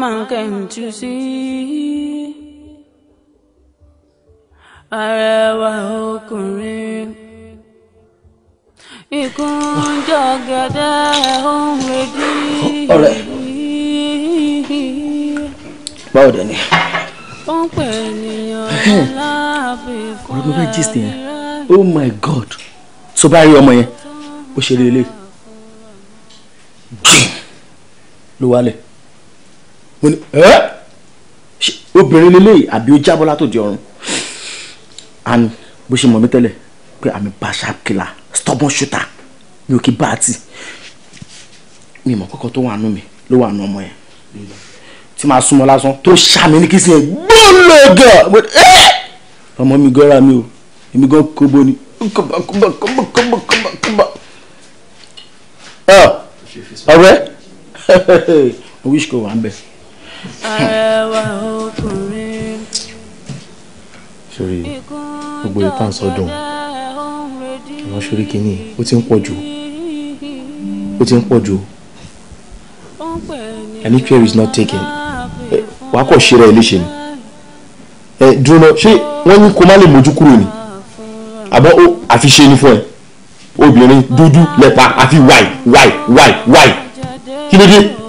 man came to see. Arẹwà ọkùnrin. Ìkúnjọ gẹ̀dẹ̀ ohun èdè. Ọ̀rẹ́. Báwo dẹ̀ ni? Ó ń pè ènìyàn láàbìkún ẹ̀rọ. Ọ̀rẹ́ mi fẹ́ gist yẹn. Oh my God! Tó bá rí ọmọ yẹn, ó ṣe lé lé. Ló wálẹ̀ mo ní ẹ́ obìnrin lélẹ́yìí àbí ó jábọ́ látòdì ọ̀run and bó ṣe mọ̀ mí tẹ́lẹ̀ pé àmì bàṣà kìlà stubborn shooter mi ò kí bá a tì mi mọ̀ kọ́kọ́ tó wà nù mí ló wà nù ọmọ yẹn tí màá súnmọ́ lásán tó ṣàmì ní kìsìn yẹn gbólógàn ọmọ mi gan mi o èmi gan kóbó ni kóbá kóbá kóbá kóbá kóbá kóbá ọ̀rẹ́ mo wish kò wà ń bẹ̀ arẹwà ọkùnrin. sori gbogbo ìta ń sọdún àwọn sori kìíní ó ti ń pọ̀ jù ó ti ń pọ̀ jù any care is not taken wàá kọ̀ ṣe rẹ̀ léṣe ni ẹ dúró náà ṣé wọ́n ní kó má lè mójú kúrò ni àbọ̀ ó àfiṣe ni fún ẹ obìnrin dúdú lẹ́pa àfi wáì wáì wáì wáì kí ló dé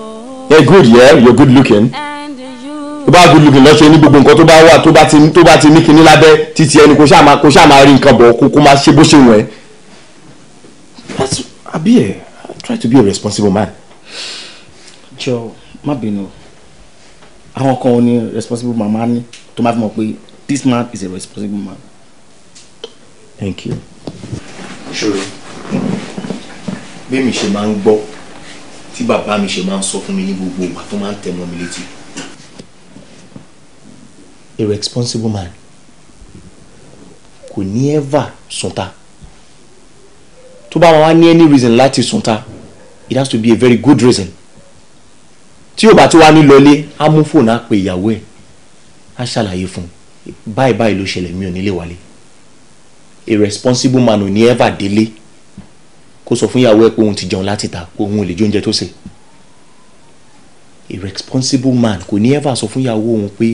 ẹ good yeah you're good looking tó bá good looking lọ́sọ̀ ní gbogbo nǹkan tó bá wà tó bá ti tó bá ti ní kinní lábẹ́ títí ẹni kó ṣáà máa kó ṣáà máa rí nǹkan bọ̀ kó kó máa ṣe bó ṣe wọ̀n ẹ́. àbí ẹ eh, try to be a responsible man. jọ má bínú àwọn kan ò ní responsible man máa ní tó máa fi mọ̀ pé this man is a responsible man. thank you. ṣòro bí mi ṣe máa ń gbọ́ tí bàbá mi ṣe máa ń sọ fún mi ní gbogbo ìgbà tó máa ń tẹmọ mi létí. a responsible man kò ní ever sunta tó bá wọn wá ní any reason láti sunta it has to be a very good reason tí yóò bá ti wá ní lọlé á mú fóònù á pe ìyàwó ẹ̀ á ṣàlàyé fún un báyìí báyìí ló ṣẹlẹ̀ mi ò nílé wálé a responsible man ò ní ever délé kó sọ fún ìyàwó ẹ pé òun ti jẹun láti ta pé òun lè jẹ tó sè a man kò ní ever sọ fún ìyàwó òun pé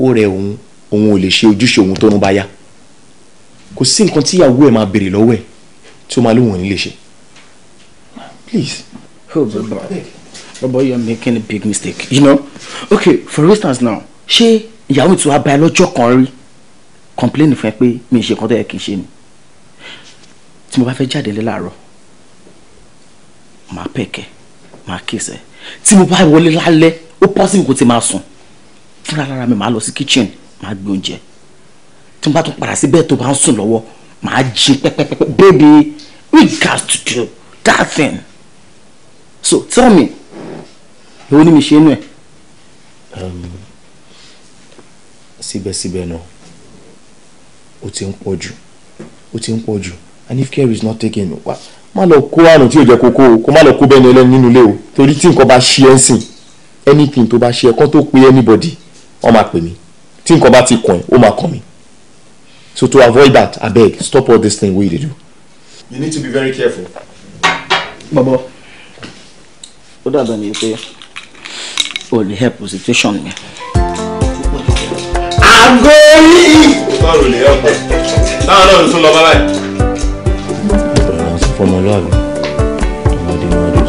ó rẹ òun òun ò lè ṣe ojúṣe òun tó ń bá yá kò sí nǹkan tí ìyàwó ẹ máa béèrè lọ́wọ́ ẹ tí ó máa lóun ní lè ṣe please. oh baba you are making a big mistake you know okay for instance now ṣé ìyàwó tí wàá bá ẹ lọ́jọ́ kan rí complain fún ẹ pé mi ì ṣe nǹkan tó yẹ kí n ṣe ni tí mo bá fẹ́ jáde lé láàárọ̀ màá pẹ̀kẹ́ màá kíṣẹ́ tí mo bá wọlé lálẹ́ ó pọ́sibú kó ti máa sùn fúnra lára mi màá lọ sí kitchen màá gbé oúnjẹ tí mo bá tún padà sí bẹ́ẹ̀ tó bá ń sùn lọ́wọ́ màá jí pẹ́pẹ́pẹ́pẹ́ baby we got to do that thing so tell me èwo ni mi ṣe inú ẹ. Um, síbẹ̀síbẹ̀ náà ó ti ń pọ̀ jù ó ti ń pọ̀ jù and if care is not taken wá. Well, má lọ kó àrùn tí ò jẹ́ kókó o kó má lọ kó bẹ́ẹ̀ ni ẹlẹ́ni nínú ilé o torí tí nǹkan bá ṣe ẹ́ ń sìn anything tó bá ṣe ẹ́ kán tó pe anybody wọ́n máa pè mí tí nǹkan bá ti kàn ẹ́ ó máa kàn mí so to avoid that abeg stop all this thing wey you dey do. you need to be very careful. bọ́bọ́ ó dàbẹ̀ ni pé o lè help situation mi. àgọ́ yìí. báwo lè help ọ táwọn náà ń tún lọ bá báyìí ọmọlúwàbí ọmọdé ọmọdé.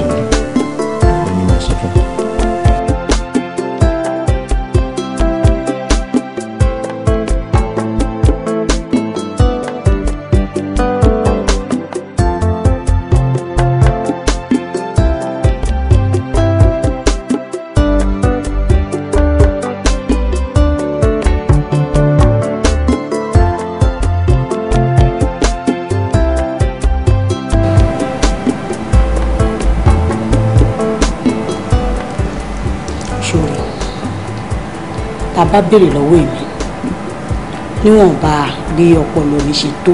bá béèrè lọ́wọ́ èmi níwọ̀nba bí ọpọlọ mi ṣe tó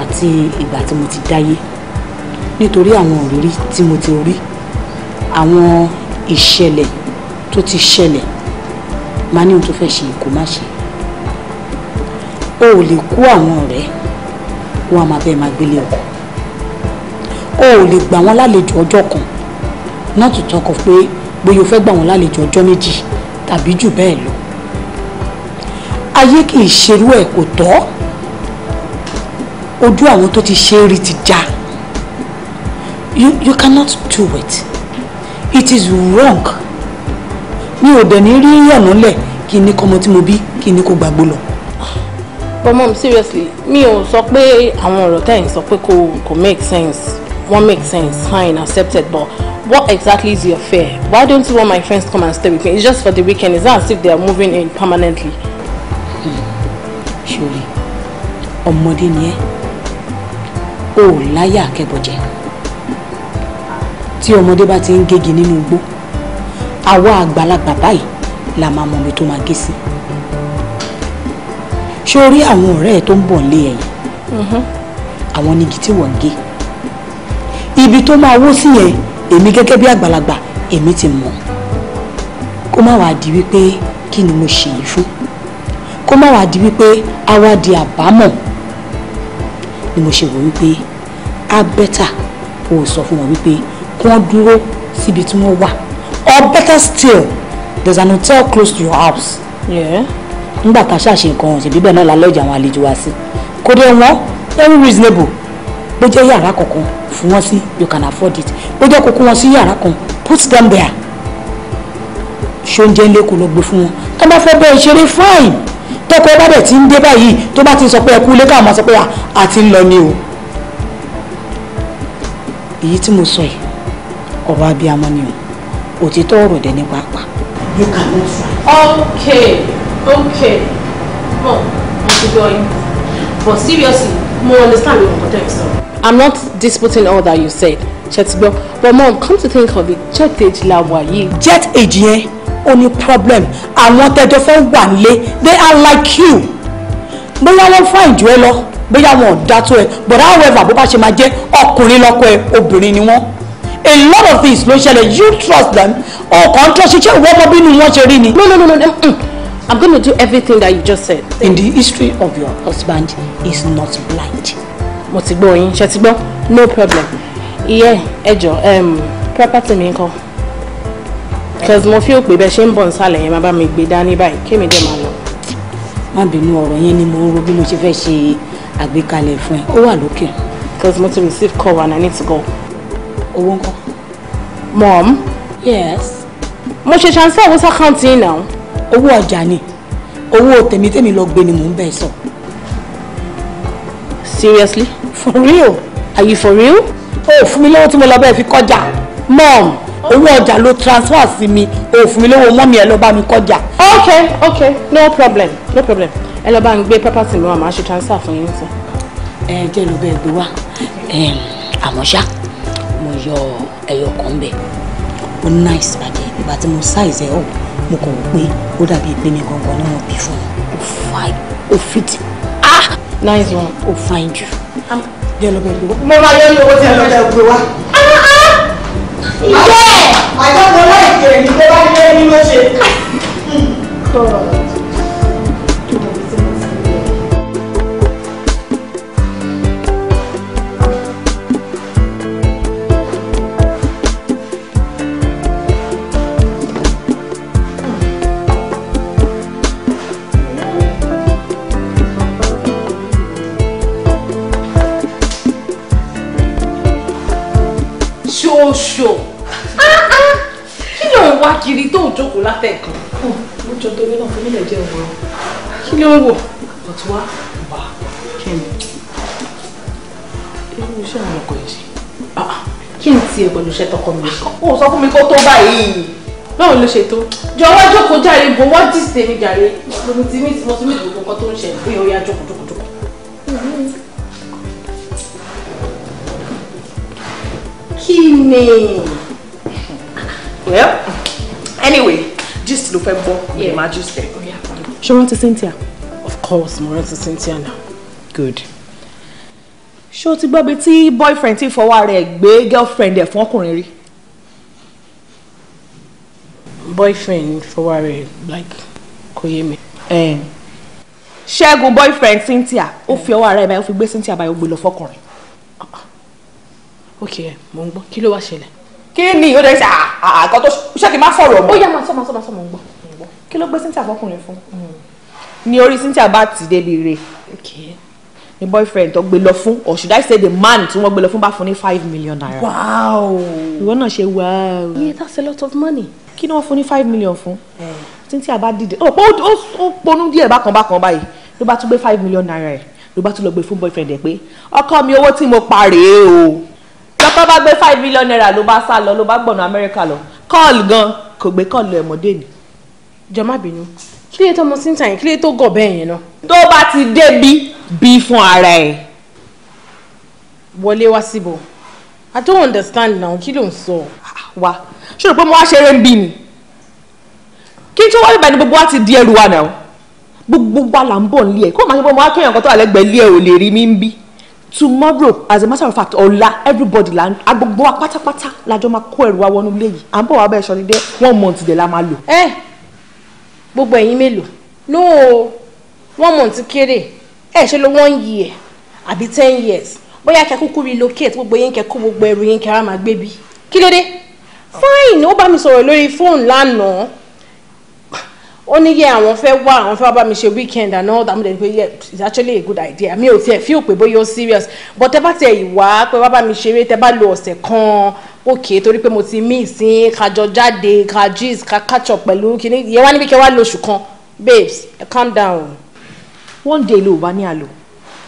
àti ìgbà tí mo ti dáyé nítorí àwọn òrírí tí mo ti rí àwọn ìṣẹ̀lẹ̀ tó ti ṣẹlẹ̀ máa ní ohun tó fẹ́ ṣe kó má ṣe o ò lè kú àwọn ọ̀rẹ́ wọn a máa bẹ́ẹ̀ máa gbélé ọkọ o ò lè gbà wọ́n lálejò ọjọ́ kan not to talk pé bóyá o fẹ́ gbà wọ́n lálejò ọjọ́ méjì tàbí jù bẹ́ẹ̀ lọ ayé kì í ṣerú ẹ̀ kò tọ́ ojú àwọn tó ti ṣe é rí ti já you you cannot do it it is wrong mi ò dẹ̀ ní rí yànnà lẹ̀ kí ni kọ́mọ tí mo bí kí ni kò gbàgbó lọ. but mom seriously mi ò sọ pé àwọn ọ̀rọ̀ tẹ̀yìn sọ pé kò kò make sense wọ́n make sense fine accepted but what exactly is your fear why don't you want my friends come and stay with me it's just for the weekend it's not as if they are moving in permanently sórí ọmọdé ni ẹ́ o ò láyà akẹ́bọ̀jẹ́ tí ọmọdé bá ti ń gégi nínú igbó àwa àgbàlagbà báyìí la máa mọ̀ mi tó máa gé sí sórí àwọn ọ̀rẹ́ ẹ̀ tó ń bọ̀ lé ẹ̀yìn mm-hmm. àwọn nígi tí wọ́n ń gé ibi tó máa wó sí yẹn èmi gẹ́gẹ́ bí àgbàlagbà èmi ti mọ̀ kó má wàá di wípé kí ni mo ṣèyí fún kó má wàá di wípé a wá di àbámọ̀ ni mo ṣe wò wípé a bẹ́tà kó o sọ fún wọn wípé kí wọ́n dúró síbi tí wọ́n wà or better still there's an hotel close to your house. nígbà tá a ṣàṣe nǹkan ṣèbí bẹ́ẹ̀ náà lálẹ́ ìjà àwọn àlejò wa sí kò dé wọn very reasonable bó jẹ́ yàrá kankan fún wọn sí you can afford it bó jẹ́ kókó wọn sí yàrá kan put them there ṣóúnjẹ ńlẹ́kùn lọ gbé fún wọn tó bá fẹ́ bẹ́ẹ̀ ṣeré fine tọkọ bá dẹ̀ ti ń dé báyìí tó bá ti sọ pé ẹkú lé káwọn máa sọ pé a ti ń lọ ni o èyí tí mo sọ yìí ọ̀rọ̀ abiyamọ ni o òtítọ́ ọ̀rọ̀ dẹ̀ ní pàápàá. you can okay okay mom mo ti gbọ́ yín but seriously mo understand your context. i'm not disputing all that you said ṣe but mom come to think of it jet age la wà yìí. jet age yẹn. Yeah? Only ní problem àwọn tẹjọ fẹ́ wà nílé they are like you bóyá wọ́n fà ìjọ ẹ lọ bóyá wọn ò dá tó ẹ but however bó bá ṣe máa jẹ́ ọkùnrin lọ́kọ ẹ obìnrin ni wọ́n a lot of things ló ń you trust them ọkàn trust ṣiṣẹ́ ìwọ ọmọ bínú wọn ṣe rí ni. no no no no no mm. i'm gonna do everything that you just said. in the history of your husband is not blind. mo ti gbọ́ yín ṣe ti gbọ́ no problem ìyẹn ẹjọ́ um, property mi call. Cause mo fi òpè be ṣe ń bọ̀ nsàlẹ̀ yẹn máa bá mi gbé dání báyìí kémi dẹ̀ máa lọ. má bínú ọ̀rọ̀ yẹn ni mo ń ro bí mo ṣe fẹ́ ṣe àgbékalẹ̀ fún ẹ ó wà lókè. because mo ti receive call and I need to go. owó ńkọ́. mom. yes. mo ṣe transfer owó sàkáǹtì yìí náà. owó ọjà ni owó tèmi tèmi lọ gbé ni mò ń bẹ̀ sọ. seriously for real are you for real. Oh, fún mi lọ́wọ́ tí mo lọ bẹ́ẹ̀ fi kọjá mom owó ọjà ló transfer sí mi òfin mi lówó mọ́mí ẹ lọ bá mi kọjá. ok ok no problem no problem ẹ lọ bá mi gbé property mi wá màá ṣe transfer fún yín sí. ẹ jẹ́ ló bẹ́ẹ̀ gbé wá àmọ́ ṣá mo yọ ẹyọ kan bẹ́ẹ̀ ó nice bàjẹ́ ìgbà tí mo size ẹ̀ ọ̀ mo kàn wò pé ó dàbí pé mi gangan ni mo bí fún un ó fine ó fit ah nice one ó fine jù. jẹ́ ló bẹ́ẹ̀ gbé wá. mo máa yọ ní owó tí ẹ lọ́ọ́ gbé wá. Ah, ah, bẹ́ẹ̀ àjọpọ̀ láìpẹ́ ní tó bá dé ní ló ṣe. tiẹ̀ pẹ̀lú iṣẹ́ tọkọ mi ò sọ fún mi kó tó báyìí báwo ló ṣe tó jọ̀wọ́ jókòó jàre bò wọ́n dì sí èmi jàre mo ti mí mo ti mí ìdòwò kan tó ń ṣe pé ó yá jókòó jókòó jókòó. kí ni well anyway gist ló fẹ́ gbọ́ ìyẹn máa gist ẹ̀. ṣé wọ́n ti Cynthia. of course mo rántí Cynthia now good ṣé o ti gbọ́ bí tí boyfriend ti fọwọ́ rẹ̀ gbé girlfriend ẹ̀ fún ọkùnrin rí. boyfriend fọwọ́ rẹ̀ like kò yé mi. ṣẹ́gun boyfriend cynthia ó fi ọwọ́ rẹ̀ báyìí ó fi gbé cynthia báyìí ó gbé lọ fọkùnrin. ok mo ń gbọ́ kí ló wá ṣẹlẹ̀. kí ni ó dẹ́ sẹ́ àkọ́ tó ṣé kí n má sọ̀rọ̀ mọ́. ó yá máa sọ máa sọ máa sọ mo ń gbọ́ kí ló gbé cynthia fọkùnrin fún. ni orí cynthia bá ti débi re. okay ni boyfriend tó gbé lọ fún or should I say the man tí wọ́n gbé lọ fún bá fún ní five million naira. wow ìwọ náà ṣe wow. yeah that's a lot of money. kí ni wọ́n fún ní five million fún. Eh. títí àbá dìde ó ó ponú díẹ̀ bákan bákan báyìí ló bá tún gbé five million naira ẹ̀ ló bá tún lọ gbé fún boyfriend ẹ̀ pé ọkọ mi owó tí mo pa rèé o. lọ́kọ́ bá gbé five million naira ló bá sá lọ ló bá gbọ̀nà Amẹ́ríkà lọ kọ́ọ̀lù gan kò gbé kọ́ọ̀lù ẹ̀ mọ́dé ni jọ má bínú kí lè tọmọ síntà yẹn kí lè tó gọ̀ bẹ́ẹ̀ yẹn náà. tó bá ti débi bí fún ara ẹ̀. wọlé wá síbò i don't understand now kí ló ń sọ. Ah, wa ṣé o rò pé mo wá ṣeré ń bí ni kí n tó wáyé báyìí gbogbo wa ti di ẹrù wa náà gbogbo wa là ń bọ̀ nílé ẹ̀ kó máa ṣe pé mo wá kéèyàn kan tó wà lẹ́gbẹ̀ẹ́ ilé ẹ̀ ò lè rí mi ń bí tomorrow as a matter of fact ọ̀la everybody la gbogbo wa pátápátá la jọ máa kó ẹrù wa wọnú ilé yìí à ń bọ̀ wá bẹ́ẹ̀ sọ ní dé one month dẹ̀ la máa lò. Eh, gbogbo ẹ̀yin mélòó no one month kéré ẹ̀ ṣe ló one year àbí ten years bóyá kí akókó relocate gbogbo yín kẹ́ kó gbogbo ẹrù yín kẹ́ ara máa gbé bí kí ló dé fine ó bá mi sọ̀rọ̀ lórí fóònù lánàá ó ní yẹ àwọn fẹ́ wá àwọn fẹ́ wá bá mi ṣe weekend and all that mo dẹ̀ ní pé yeah it's actually a good idea mi ò tiẹ̀ feel pé bóyá ó serious but tẹ bá tẹ ìwà pé wá bá mi ṣeré tẹ bá lo ọ̀sẹ̀ kan òkè torí pé mo ti mí ìsín kájọ jáde ká gist ká catch up pẹ̀lú kíní ìyẹn wá níbi kí wá lóṣù kan babes calm down. one day ló wà ní àlò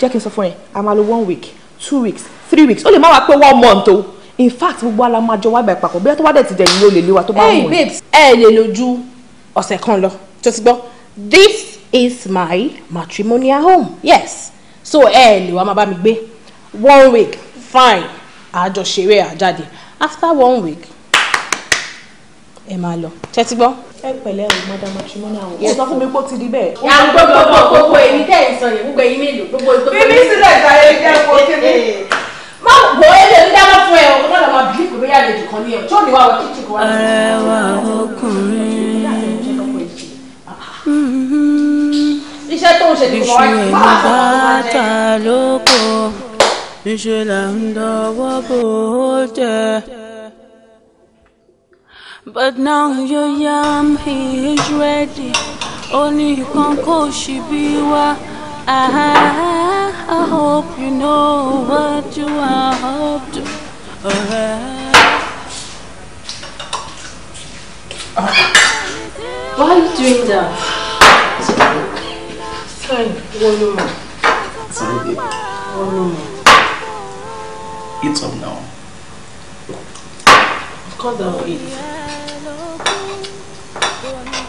jẹ́ kí n sọ fún ẹ a máa lo one week two weeks three weeks ó lè má wá pé one month o in fact gbogbo alamajọ wá gbà papọ̀ bí wọ́n tó wá dẹ̀ ti dẹ̀ yín ló lè lé wa tó bá wù ú. ẹ ẹ lè lójú ọ̀sẹ̀ kan lọ tó ti gbọ́ this is my matrimonial home yes so ẹ lè wá máa bá mi gbé one week fine àjọṣeré àjáde after one week ẹ máa lọ tẹ́tí gbọ́. ẹ pẹ̀lẹ́ o madam matrimonial o sọ fún mi pé ti di bẹ́ẹ̀. ya gbogbo gbogbo gbogbo èyí tẹ̀ ń sọ yẹn gbogbo èyí mélòó gbogbo gbogbo. bíbí sílẹ̀ ìtàlẹ̀ ìjẹ́ kó kébé. má gbọ́ èlé ń dáná fún ẹ o náà lọ́ọ́ máa bí kò bẹ́yà lè jù kan ní ẹ tí ò ní wà wọ́n kíkì kó wá. ọ̀rẹ́ wa ọkùnrin. iṣẹ́ tó ń ṣe ti wọ́n wá bàtà lóko níṣẹ́ là ń dọwọ́ bò But now your yam he is ready. Ó ní nǹkan kò ṣì bí wá. I hope you know what you are up to. Alright. Why are you doing that? one more. One more. Eat up now. Of course I'll eat.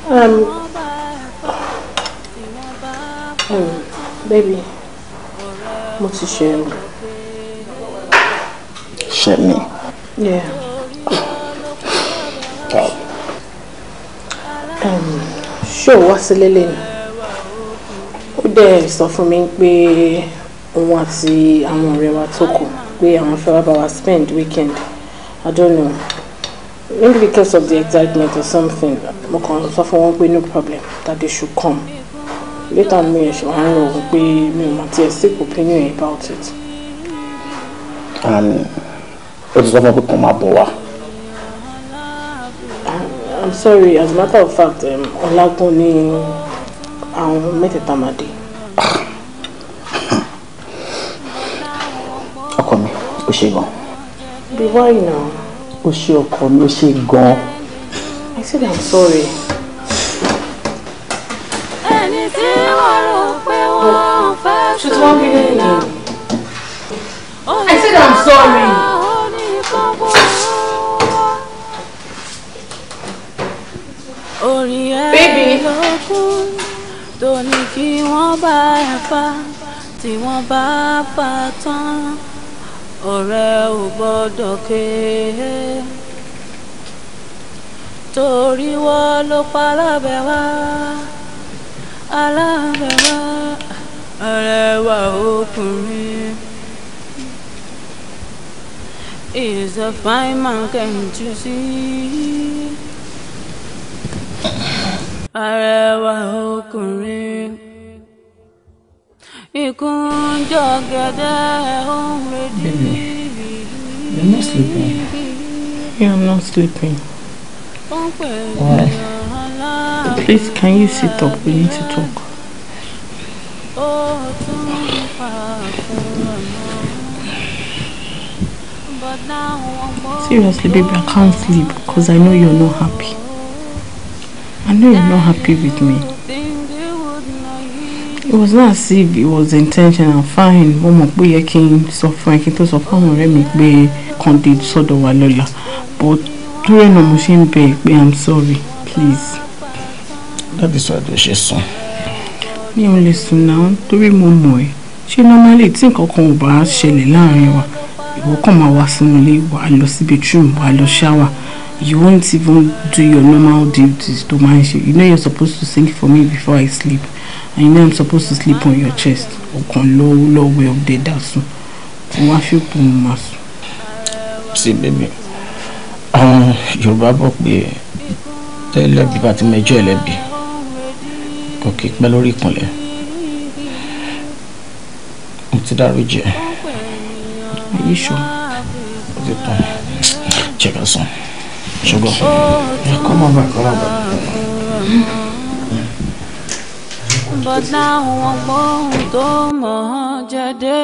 Um, hmm, um, baby, What's your shame? Shame me. mi? Yeah. Um, Show what's wá sílé lẹ́nu? ó dẹ̀ sọ fún mi pé òun àti àwọn ọ̀rẹ́ wa tó kù pé àwọn fẹ́ wá bá wa spend weekend I don't know maybe because of the excitement or something mo kàn sọ fún wọn pé no problem that they should come later mi ẹ̀ ṣe wàá rìn òun pé mi ò mọ̀ tiẹ̀ sick opinion about it. ó ti sọ fún mi pé kàn máa bọ̀ wá. I'm sorry as a matter of fact ọ̀làgùn um, ni àwọn mẹ́tẹ̀ẹ̀ta máa dé. ọkọ mi ó ṣe gan. bí wáyé náà. ó ṣe ọkọ mi ó ṣe gan. I said I'm sorry. ẹni tí wọ́n rò pé wọ́n fẹ́ sùn. ṣùtú wọn bí I said I'm sorry. Baby tó ní kí wọ́n bá ẹ fà tí wọ́n bá fà tán ọ̀rẹ́ ò gbọ́dọ̀ ké torí wọ́n ló pa alábẹ̀ wá alábẹ̀ wá ẹlẹ́wà ọkùnrin. Is a fine man, can't you see? arẹwà ọkùnrin ìkúnjọ gẹdẹ ohun rèdí. You're not sleeping. Yeah, I'm not sleeping. Why? Please, can you sit up? We need to talk. Seriously, baby, I can't sleep because I know you're not happy. I know you're not happy with me. It was not as if it was intentional. Fine, mo mọ̀ pé yẹ kí n sọ fún ẹ kí n tó sọ fún àwọn ọ̀rẹ́ mi but dúró náà machine ṣe ń I'm sorry please. That is what ṣe sùn. Mi ò lè sùn náà torí mo mọ̀ ẹ́. Ṣé normally tí nǹkan kan ò bá ṣẹlẹ̀ láàrin wa? Ìwọ kàn máa wá sínú ilé wa lọ sí bedroom wa lọ ṣáwà you won't even do your normal duties to manage you You know you're supposed to sing for me before i sleep and you know i'm supposed to sleep on your chest low low way of the dasun wọn á fi kún un máa sùn. sí bèbè àwọn yorùbá bọ̀ pé tẹ́lẹ̀bí bá ti mẹjọ ẹlẹ́bí kò kí pẹ́ lórí ìkúnlẹ̀ mo ti dárò jẹ́ ayé ṣọ́ Sugar. Yeah, come on back, But now I'm going to Mahajade.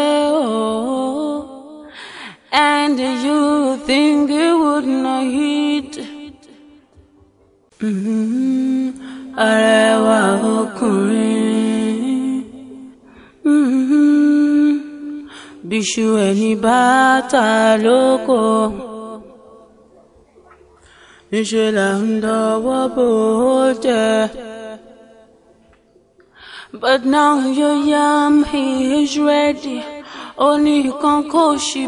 And you think you would not hit. Mm-hmm. Arẹwà ọkùnrin. Bíṣu mm-hmm. Bishu eni bata loko níṣẹ́ là ń But now your yam he is ready, ó ní nǹkan kò ṣì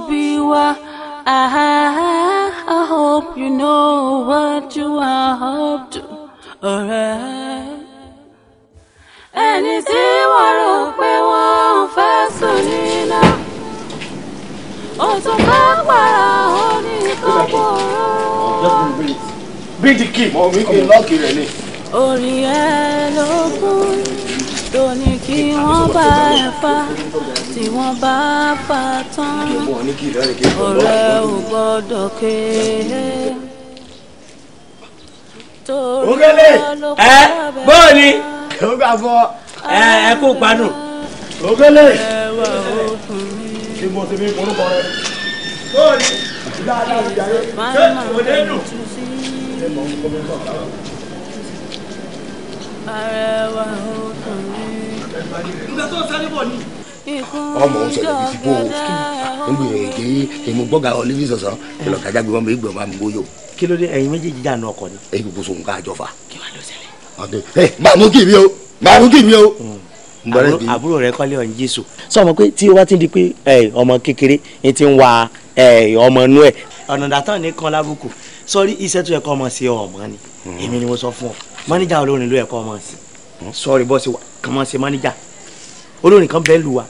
I hope you know what you are up to, alright. Ẹni tí wọ́n rò pé wọ́n fẹ́ sùn nínú, ó tún bá pàrọ̀ ó ní kókó rọrùn bídì kì mọ́ mi kì lọ́ọ̀kì rẹ̀ ni. orí ẹ ló kún tó ní kí wọ́n bá ẹ fa tí wọ́n bá fa tán ọ̀rẹ́ ò gbọ́dọ̀ ké ògèlè ẹ bóòlì ògbà fọ ẹ ẹ kó gbádùn. ògèlè kí mo ti fi polúkọ rẹ bóòlì dáadáa ìyá rẹ ṣé òde dùn arẹwà obìnrin. ọmọ ń sọ̀rọ̀ bíi ti kó o ń gbèrè kí èmi gbọ́gà olivia sọ̀sọ̀ kí lọ́ọ́ kájà gbẹmọ́ mi gbẹmọ́ mi gbóyò. kí ló dé ẹ̀yin méjèèjì jà ní ọkọ ni. èyí kò sóhun ká àjọfà. kí wàá lọ ṣẹlẹ̀. ọ̀dẹ ẹ máa mú kí mi o máa mú kí mi o. Mm. àbúrò rẹ kọ́lé ọ̀hún jésù. sọ ma pé tí o bá ti di pé ọmọ kékeré ti ń wa ọmọ inú ẹ ọ̀nà dàtọ̀ ní kan lábùkù sọrí iṣẹ́ tó yẹ kọ́ ọmọ sí ọmọ ni hmm. èmi ni mo sọ fún ọ mánéjà olórin ló yẹ kọ́ ọmọ sí sọrí bọ́sì wa kàn máa ṣe mánéjà olórin kan bẹ́ẹ̀ lù wa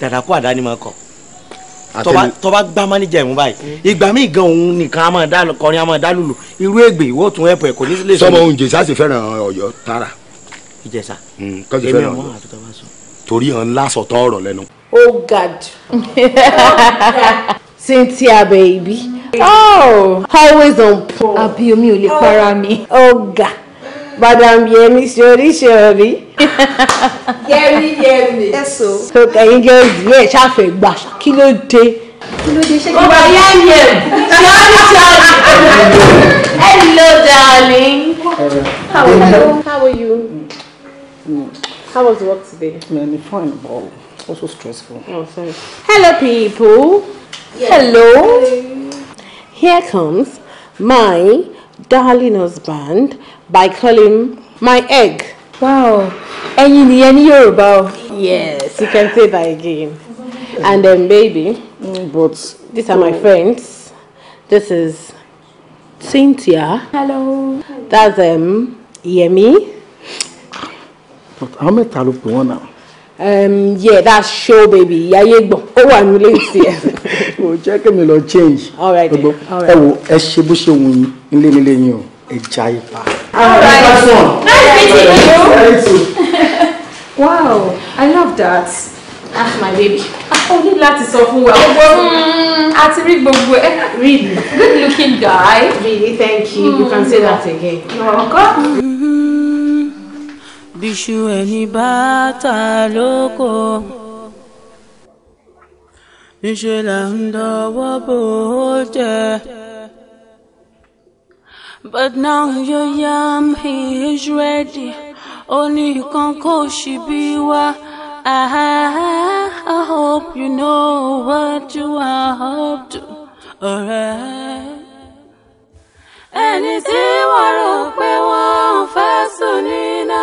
dàdàkú àdáni máa kọ tọba gbá mánéjà ìmú báyìí hmm. ìgbà míì gan òun nìkan a máa dá kọrin a máa dá lùlù irú ègbè ìwọ tún ẹ̀pọ̀ ẹ̀kọ́ ní sílé sọmọ ohun ìjẹsà sì fẹ́ràn ọ̀yọ́ tààrà ìjẹsà hmm, èmi ọmọ àtúntà bá sọ. torí hàn lásọ̀ tọ́ ọ̀rọ̀ lẹ́nu. oh god cynthia baby oh always on point. àbí oh. omi ò lè oh. para mi. ọ̀gá madam yemi sori sori. yemi yemi. ẹ̀sọ́. so kẹ̀yìn jẹ́ ìdílé ẹ̀ ṣàfẹ́ gbà kí ló dé. kí ló dé ṣé kí ló dé. ọba yẹn yẹn ṣọ́ọ́rì ṣọ́ọ́rì. hello darling. hello how are you. How was work today? Many fun, but also stressful. Oh, Hello, people. Yes. Hello. Hello. Here comes my darling husband by calling my egg. Wow, ẹyin nìyẹn ní Yorùbá Yes, you can say that again. And then baby, but these are my oh. friends. This is Cynthia. Hello. That's um Yemi. But how many talo pe wọn now? um, yeah that's show baby Yeah, yeah, wà Oh, I'm ẹ. o Oh, check me, lọ change. all right then all right. ẹ wo ẹ ṣe bó ṣe wù yín nílé nílé yín o ẹ já ipa. all right nice meeting you. wow i love that. That's ah, my baby ó ah, ní láti sọ fún Well, gbogbo àti mm, rí gbogbo ẹ really good looking guy. really thank you mm. you can say mm. that again. ọkọ. No, bíṣu ẹni bá ta lóko níṣẹ́ là ń dọwọ́ bò ó But now your yam he is ready. Only ní nǹkan kò ṣì bí wá. I hope you know what you are up to. Alright. Ẹni tí wọ́n rò pé wọ́n ń fẹ́ sùn níná.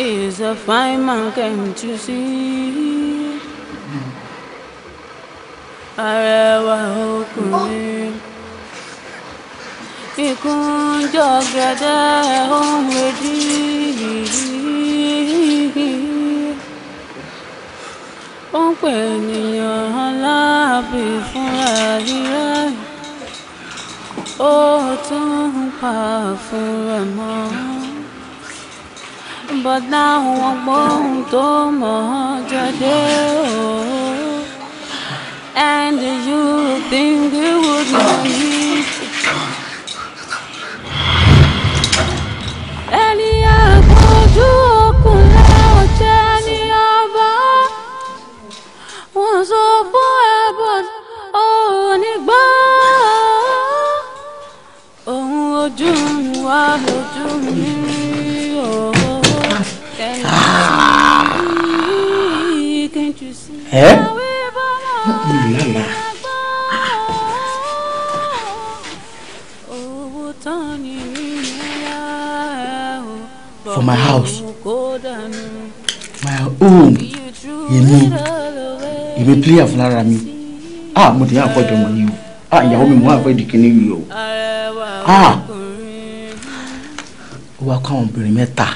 is a fine man came to see. Arẹwà ọkùnrin. Ìkúnjọ gẹ̀dẹ̀ ohun èdè yìí. Ó ń pè ènìyàn aláàbì fúnra rírẹ́. Ó tún ń pa fúnra mọ́ but now I'm gbóhùn to mọ̀ ọ́n jáde And you think you would oh, know me. Ẹni àpọ̀jù ọkùnrin ọ̀jẹ̀ ni ọba. Wọ́n sọ fún ẹ but òun ní gbọ́. Òun ojú wa lójú mi. for my house my home èmi èmi player fún lára mi ah mo ti yà àkọ́jọ mọ̀ ni o ah ìyàwó mi mo wà fẹ́ di kíní yìí o ah ó wá kó àwọn obìnrin mẹ́ta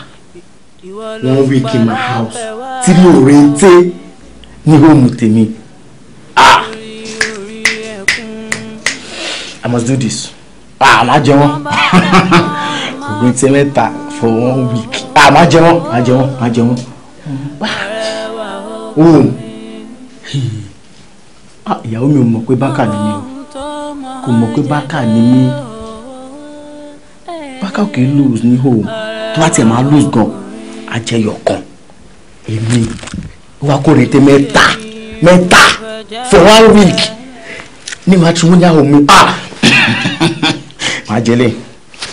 wọ́n wí kí my house tí mi ò rente ní hóòmù tèmi ah I must do this ah má jẹ wọn ògùn tí mẹ́ta for one week ah má jẹ wọn má jẹ wọn má jẹ wọn hóòmù ah ìyàwó mi ò mọ̀ pé bákà ni mi o kò mọ̀ pé bákà ni mi bákà kì í lose ní hóòmù tó bá tiẹ̀ máa lose gan ajẹyọ̀ kan èmi. E wá kó rètè mẹ́ta mẹ́ta for one week ní matrimonial home mi ah màá jẹlé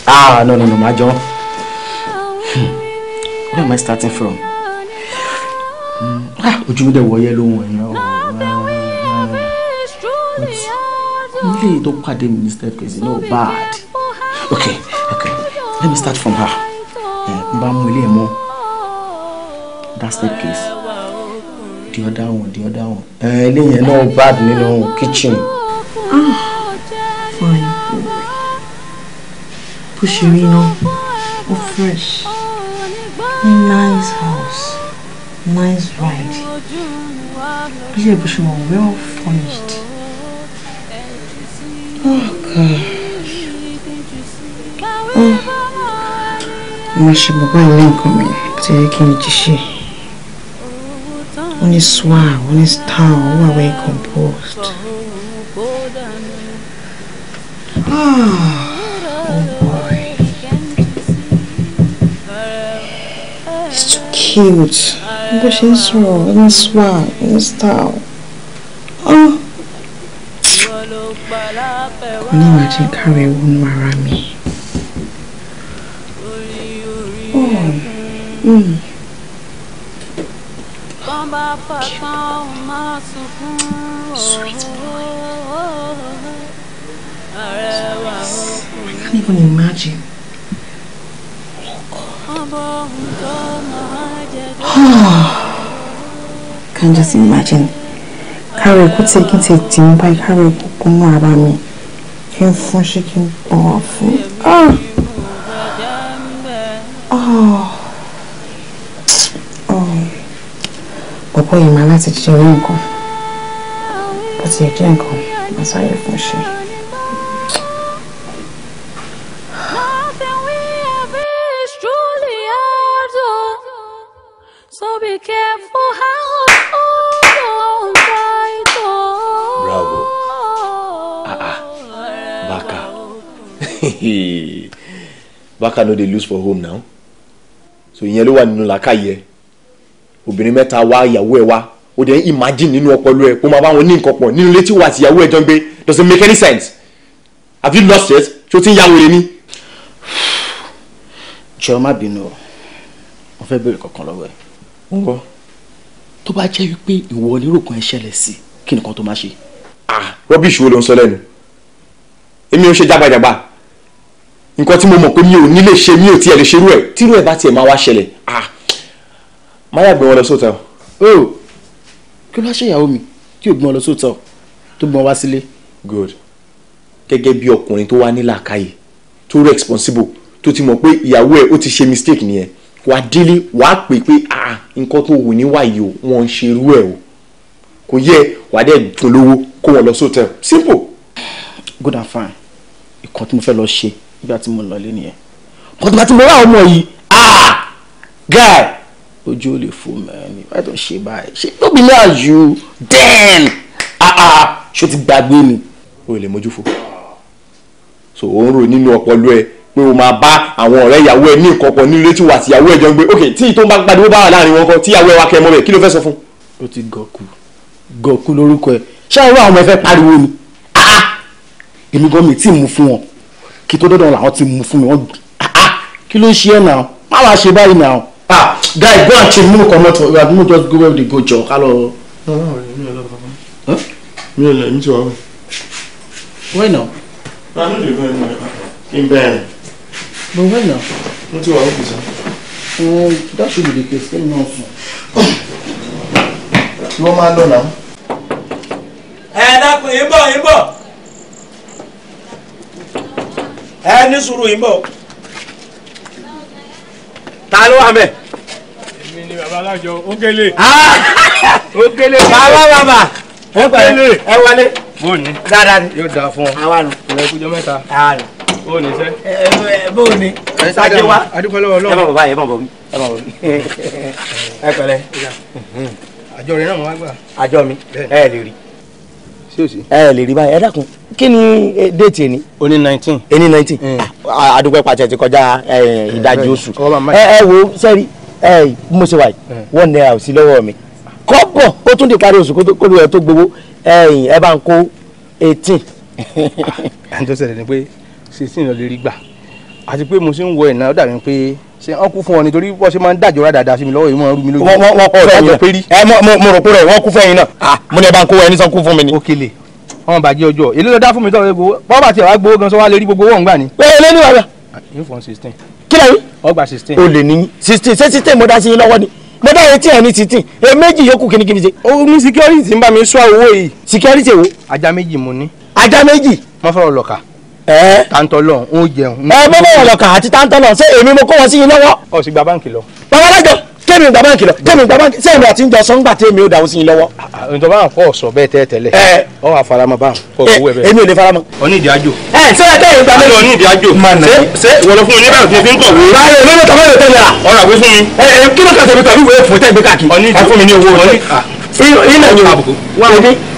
ah no no no màá jọ hmm. where am I starting from hmm. ah ojú mi dẹ̀ wọ yẹ́ lóhùn ẹ̀yìn ọ̀hún ilé tó pàdé mi ní step kezi no bad okay okay let me start from her eh, n bá mú ilé ẹ̀ mọ́ that step case the other one the other one eh, eléyẹn náà bad nínú kitchen. Ah, fine bó ṣe rí iná ó fresh nice house nice ride ilé bó ṣe wà well furnished. Oh, gosh. Oh. Mo ṣe bàbá ilé nǹkan mi tí ẹ kí n jí ṣe one is suave, one is tall, composed. Oh, oh boy. it's too cute. But she's small, and suave, and tall. Oh. Ah. Now I can carry one around me. Oh. Mm. I oh, oh, oh, can't even imagine. can just imagine. Káre kó tí kí n ti tì mí báyìí káre kó kó mú ara mi kí n fún ṣé kí n bọ̀ fún. Oh. ọ̀pọ̀ ìmọ̀ láti jẹ orí nǹkan bó ti jẹ́ nǹkan má sáré fún ṣe. Ah, ah. Baka. no dey lose for home now. So ìyẹn ló wà nínú làákàyè obìnrin mẹ́ta wá ìyàwó ẹ̀ wá ó dẹ̀ ń imagine nínú ọpọlọ ẹ̀ kó máa bá wọn ní nǹkan pọ̀ nínú ilé tí wà àti ìyàwó ẹ̀ jọ ń gbé doesn't make any sense have you lost it ṣé o ti ń yàwó rẹ ni. jọ má bínú o mo fẹ́ béèrè kankan lọ́wọ́ ẹ̀. ń gbọ́. tó bá jẹ́ wípé ìwọ lérò kan ẹ ṣẹlẹ̀ sí kí nìkan tó máa ṣe. ah rọ́bìṣì wo ló ń sọ lẹ́nu èmi ò ṣe jágbàjàgbà nǹkan tí mo mọ̀ pé mi ò ní lè ṣe mi ò tiẹ̀ lè ṣerú ẹ̀ tírú ẹ̀ bá tiẹ̀ máa wá ṣẹlẹ̀ ah má yàgbé wọn lọ sóòtà o. Oh, o kí ló wá ṣe ìyàwó mi tí ò gbé wọn lọ sóòtà o tó gbé wá sílé. good gẹ́gẹ́ bí ọkùnrin tó wá ní làákàyè tó responsible tó ti mọ̀ pé ìyàwó ẹ̀ ó ti ṣe mistake nìyẹn wà á délé wà á pè pé ah nǹkan tó wù níwáyé o wọn ń ṣe irú ẹ o kò yẹ wà á dẹ̀ dùn lówó kó wọn lọ sóòtà simple. good and fine ìkan tí mo fẹ́ lọ ṣe nígbà tí mo lọ lé nìyẹn kọ́ńtà tí mo rà ọmọ yìí ah guy ojú ò lè fò mẹ́rin why don ṣe báyìí ṣe no be now you then ah ah, ah ṣó ti gbàgbé mi. o lè mójú fò so ò ń rò nínú ọpọlọ ẹ pé o máa bá àwọn ọ̀rẹ́ ìyàwó ẹ ní ìkọ̀kọ̀ nílé tí wà tí ìyàwó ẹ jọ ń gbé ok tí ìtò ń bá gbàdúrà bá wà láàrin wọn kan tí ìyàwó ẹ wá kẹ mọ́ bẹ̀ kí ló fẹ́ sọ fún. o ti gọ̀kú gọ̀kú lórúkọ ẹ ṣáà irú àwọn ọmọ ẹ fẹ́ pariwo ni ah, ah èmi gan mi tí ì mú fún wọn kí tó dọ́dọ̀ làwọn ti mú fún mi wọn ah, ah kí ló ń ṣe ẹ̀ náà má wàá ṣe báyìí náà ah guy go and change make we comot for yard make just go where we dey go jọ ká lọ. mi ò lè mi ti wà wẹ̀. where now. na no dey go anywhere in bed. but where now. mo ti wà wẹ̀ sir. Uh, that should be the case. Let me know soon. Wọ́n máa ń lọ náà. Ẹ dákun yín bọ̀ yín bọ̀. Ẹ ní sùúrù yín bọ̀. Ta ló wà mẹ́? ni bàbá alájọ ó kélé. Ah! ó kélé. bàbá bàbá ó kélé. ẹ wọlé. bó ni. dáadáa ni. yóò dáa fún ọ. àwa nù. ìrẹ kújọ mẹ́ta. àwa nù. bó ni sẹ. ẹ ẹ bó ni. ẹ sáájú wa. adúpẹ́ lọ́wọ́ lọ́wọ́. ẹ má bọ̀ báyìí ẹ má bọ̀ ẹ má bọ̀ ẹ pẹ̀lẹ́. àjọ rẹ náà mo wá gbà. àjọ mi ẹ ẹ lè rí ẹ lè rí báyìí ẹ dákun kí ni eh, déètì ẹni. o ní nineteen. ẹni nineteen. àdúgbò mm. ah, pàṣẹ ti kọjá eh, ìdajì oṣù. ẹ wo sẹ́rí ẹ mo ṣe wà yìí hmm. one naira ò sí lọ́wọ́ mi kọ́bọ̀ kó tún di kárí oṣù kó lóye tó gbowó ẹyìn ẹ bá ń kó eighteen. àti tó ṣẹlẹ̀ ni pé sixteen ló lè rí gbà àti pé mo ṣe ń wọ ẹ̀ náà ó dàbí pé ṣe ọ́n kú fún ọ nítorí bọ́ ṣe máa ń dájọ́ dáadáa sí mi lọ́wọ́ yìí mo rú mi lójú. wọ́n kú fẹ́yìn náà mo rò pé rẹ̀ wọ́n kú fẹ́yìn náà ah. mo ní ẹ bá ń kó ẹni sàn kú fún mi ni. Òkèlè wọn bàjẹ́ ọjọ́ èlé ló dá fún mi tọ́ ẹ gbowó bọ́ọ̀ bá tiẹ̀ wá gbowó gan sọ wá lè rí gbogbo owó ọ̀hún gbà ni. ẹ ẹ lẹ́nu wàrà. yóò kí lẹ́yìn. ọgbà sixteen. o lè ní sixteen ṣé sixteen mo dá sí yín lọ́wọ́ ni mo dá eighteen ẹ̀ ní sixteen ẹ méjì yòókù kìnnìkìnnì ṣe. o ní security ń bá mi sọ owó yìí. security wo. ajá méjì mo ní. ajá méjì. mo fọwọ́ lọ́ka. ẹ tantọ́lọ́ ń jẹun. ẹ mo fọwọ́ lọ́ka àti tantọ́lọ́ ṣé èmi mo kó wọn sí yín lọ́wọ́. ọ̀ sì gba báǹkì lọ. babalájọ kémi gba báńkì lọ kémi gba báńkì sẹ́yìn àti njọ sọ́ngbà tèmi ó dàrú sí i lọ́wọ́. ǹjọba àwọn kọ́ ọ̀sọ̀ bẹ́ẹ̀ tẹ́ tẹ́lẹ̀ ọ wà faramọ́ bá kọ́ owó eh, ẹ bẹ́ẹ̀. èmi ò lè faramọ́. oní ìdí ajo. ẹ eh, ṣé ẹ tẹ́yìn gba bẹ́ẹ̀. oní ìdí ajo. ṣé ṣé wọlé fún mi nígbà tí mo fi ń kọ̀wé. báyọ̀ èmi ló tọ́wọ́ ètò ìlera. ọ̀rọ̀ àgbẹ̀ fún mi. ẹ eh, ẹ kí ló kàṣẹ́ mi tàbí wẹ́ẹ̀ fún tẹ́gbẹ́ káàkiri. oní ìdí fún mi ní owó rẹ. Ah. iná ni o.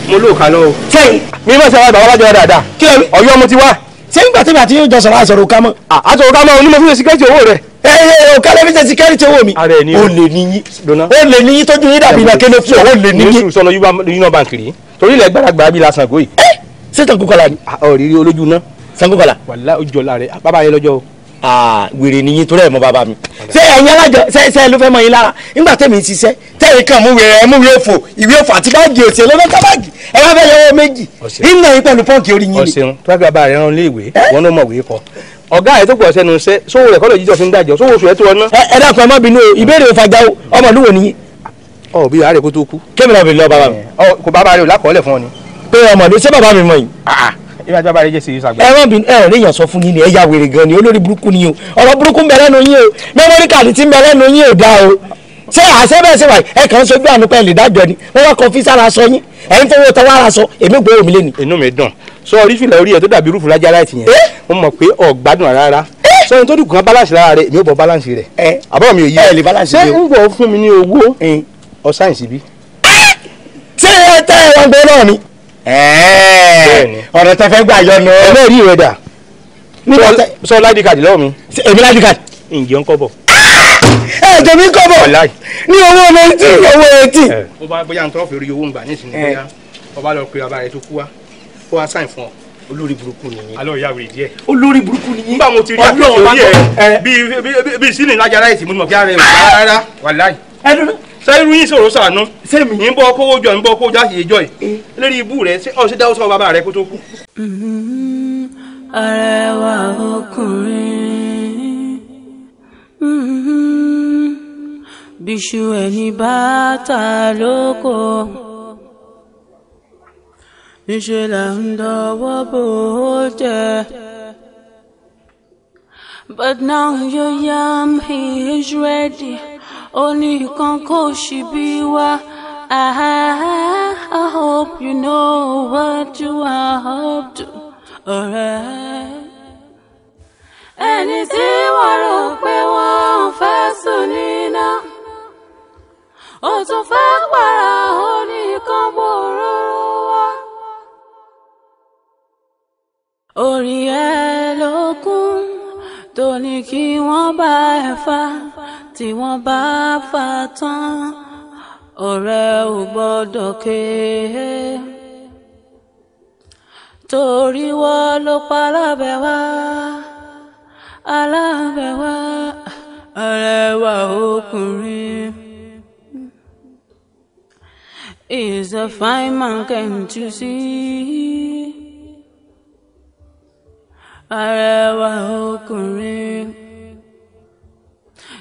mo lóòkà náà o. sẹ́yìn mi máa ṣe àwọn àgbà wọ́n bá jọ dáadáa. kí ọ̀yọ́ mo ti wá ṣé ń gbà tẹ́mi àti yóò jọ sọ̀rọ̀ àsọ̀rọ̀ ká mọ́. àsọ̀rọ̀ ká mọ́ onímọ̀ fún mi síkẹ́rìtì owó rẹ̀. ẹ ẹ ọ̀ká lẹ́mí ṣe owó mi. ààrẹ ni o lè níyí o lè níyí tójú yín dàbí iná kéde fún ọ o lè níyí. ní sọ̀nà union bank rí torí ilẹ̀ gbàdàgbà bíi lásán gòyì. ṣé tàǹkù kọ́lá ni. ọ̀rẹ́rẹ́ olójú ná. sango kọ́lá. wàlá ojú ọ̀la rẹ̀ bàbá yẹn lọ́jọ́ o. Ah, wèrè nìyí torí ẹ̀ mọ́ bàbá mi ṣé ẹ̀yin alájọ ṣe ṣe ló fẹ́ mọ yín lára nígbà tẹ̀mí ń ṣiṣẹ́ tẹ̀yìn kan mú wèrè ẹ̀ mú wèrè fò ìwé òfò àti báàgì òsì ẹlọ́dọ́ta báàgì ẹ wá fẹ́ yọwọ́ méjì nínú ẹ̀yin pẹ̀lú pọ́ǹkì orí yín ni. ọ̀sẹ̀ tó bá rẹ̀ rán ilé ìwé wọn ló mọ̀ wé kọ ọ̀gá rẹ̀ tó pọ̀ sẹ́nu iṣẹ́ sówó rẹ̀ kọ́lọ̀ jíjọ fi ń dàjọ́ sówó oṣù rẹ̀ tó ọ̀nà. ẹ dákun ẹ má bínú o o ọmọ ìlú wo ni. ọ bí àárẹ̀ kó tó kú. kémi náà bèrè lọ bàbá mi. kò bàbá rẹ̀ ò lákọ̀ọ́lẹ̀ fún ọ ni. pé ọmọ ìlú ṣé ìmọ̀ àti bàbá rẹ̀ jẹ́ sí ìyíṣà ẹran bínú ẹ rí yàn sọ fún yín ni ẹ ya wèrè gan ni olórí burúkú ni o ọ̀rọ̀ burúkú ń bẹ lẹ́nu yín o mẹ́mọ́rì kàdí ti ń bẹ lẹ́nu yín o dá o ṣé àṣẹ bẹ́ẹ̀ ṣe wà ẹ kàn ń sojú àánú pẹ́ lè dájọ́ ni wọ́n wá kọ fí sára sọ yín ẹ̀yin fowó tọ́ wá ra sọ èmi gbé omi lẹ́nu. inú mi dùn sọ orí fìlà orí ẹ tó dàbí rúfù lájà láìtì yẹn mo mọ̀ pé ọ̀gbádùn rárá sọ ohun tó dùn kan balance lára rẹ mi ò bọ balance rẹ àbọ̀ mi ò yí ẹ lè balance rẹ o ṣé ń bọ̀ fún mi ní owó ọ sáyẹ̀nsì bí. ṣé ẹ tẹ́ ẹ wọn gbé náà ni ọ̀rọ̀ tẹ fẹ́ gbà yọ nù. ẹlẹ́rìí rẹ̀ dà sọ láìdí kàdí lọ́wọ́ mi. èmi láìdí kàdí. ǹjẹ́ ń kọ́ bọ̀. ẹ jẹ́ mi kọ́ bọ̀ ní owó méjì owó etí. ó bá bóyá nǹkan ọ̀fẹ́ rí owó ń gbà nísìnyí bóyá ọba lọ pe ọba rẹ tó kú wa kó wa sáìn fún ọ olórí burúkú nìyí. alọ ìyá rẹ díẹ̀. olórí burúkú nìyí. nígbà mo ti rí àpò orí ẹ bíi sílẹ̀ lájà láì sí mo ní mọ̀ kí ara rẹ̀ ẹ dúró sẹ́yìn yín sọ̀rọ̀ sànú sẹ́mi yín bọ́ kówó jọ ń bọ́ kówó jáde ìjọ yìí eh. lórí ibú rẹ̀ ọ̀ ṣe dáwọ́ sọ bàbá rẹ̀ kó tó kú. Mm-hmm. arẹwà ọkùnrin mm-hmm. bíṣu ẹni bàtà lóko níṣẹ́ là ń dọwọ́ bò jẹ́. But now your yam, he is ready onìkan kò ṣì bí wá. I hope you know what you are up to. Alright. Ẹni tí wọ́n rò pé wọ́n ń fẹ́ sùn níná. Ó tún fẹ́ pàrà onìkan gbòòrò wá. Orí ẹ ló kún tó ní kí wọ́n bá ẹ fà tí wọ́n bá fà tán ọ̀rẹ́ ò gbọ́dọ̀ ké torí wọ́n ló pa lábẹ́ wá alábẹ́ wá arẹwà ọkùnrin. Is a fine man, can't you see? Arẹwà ọkùnrin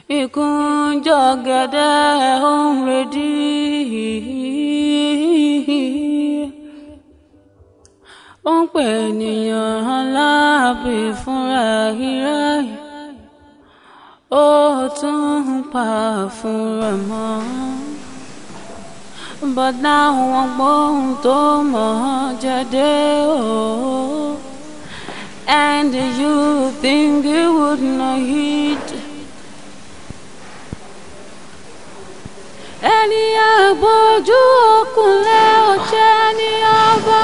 ìkúnjọ̀gẹ̀dẹ̀ ó ń redí. ó ń pè ènìyàn aláàbì fúnra irẹ́ ó tún ń pa fúnra mọ́ bọ́dá wọn gbóhùn tó mọ̀ ọ́ jáde ooo. And you think you would not heed ẹni àgbójú òkúnlẹ̀ ọ̀jẹ̀ ni ọba.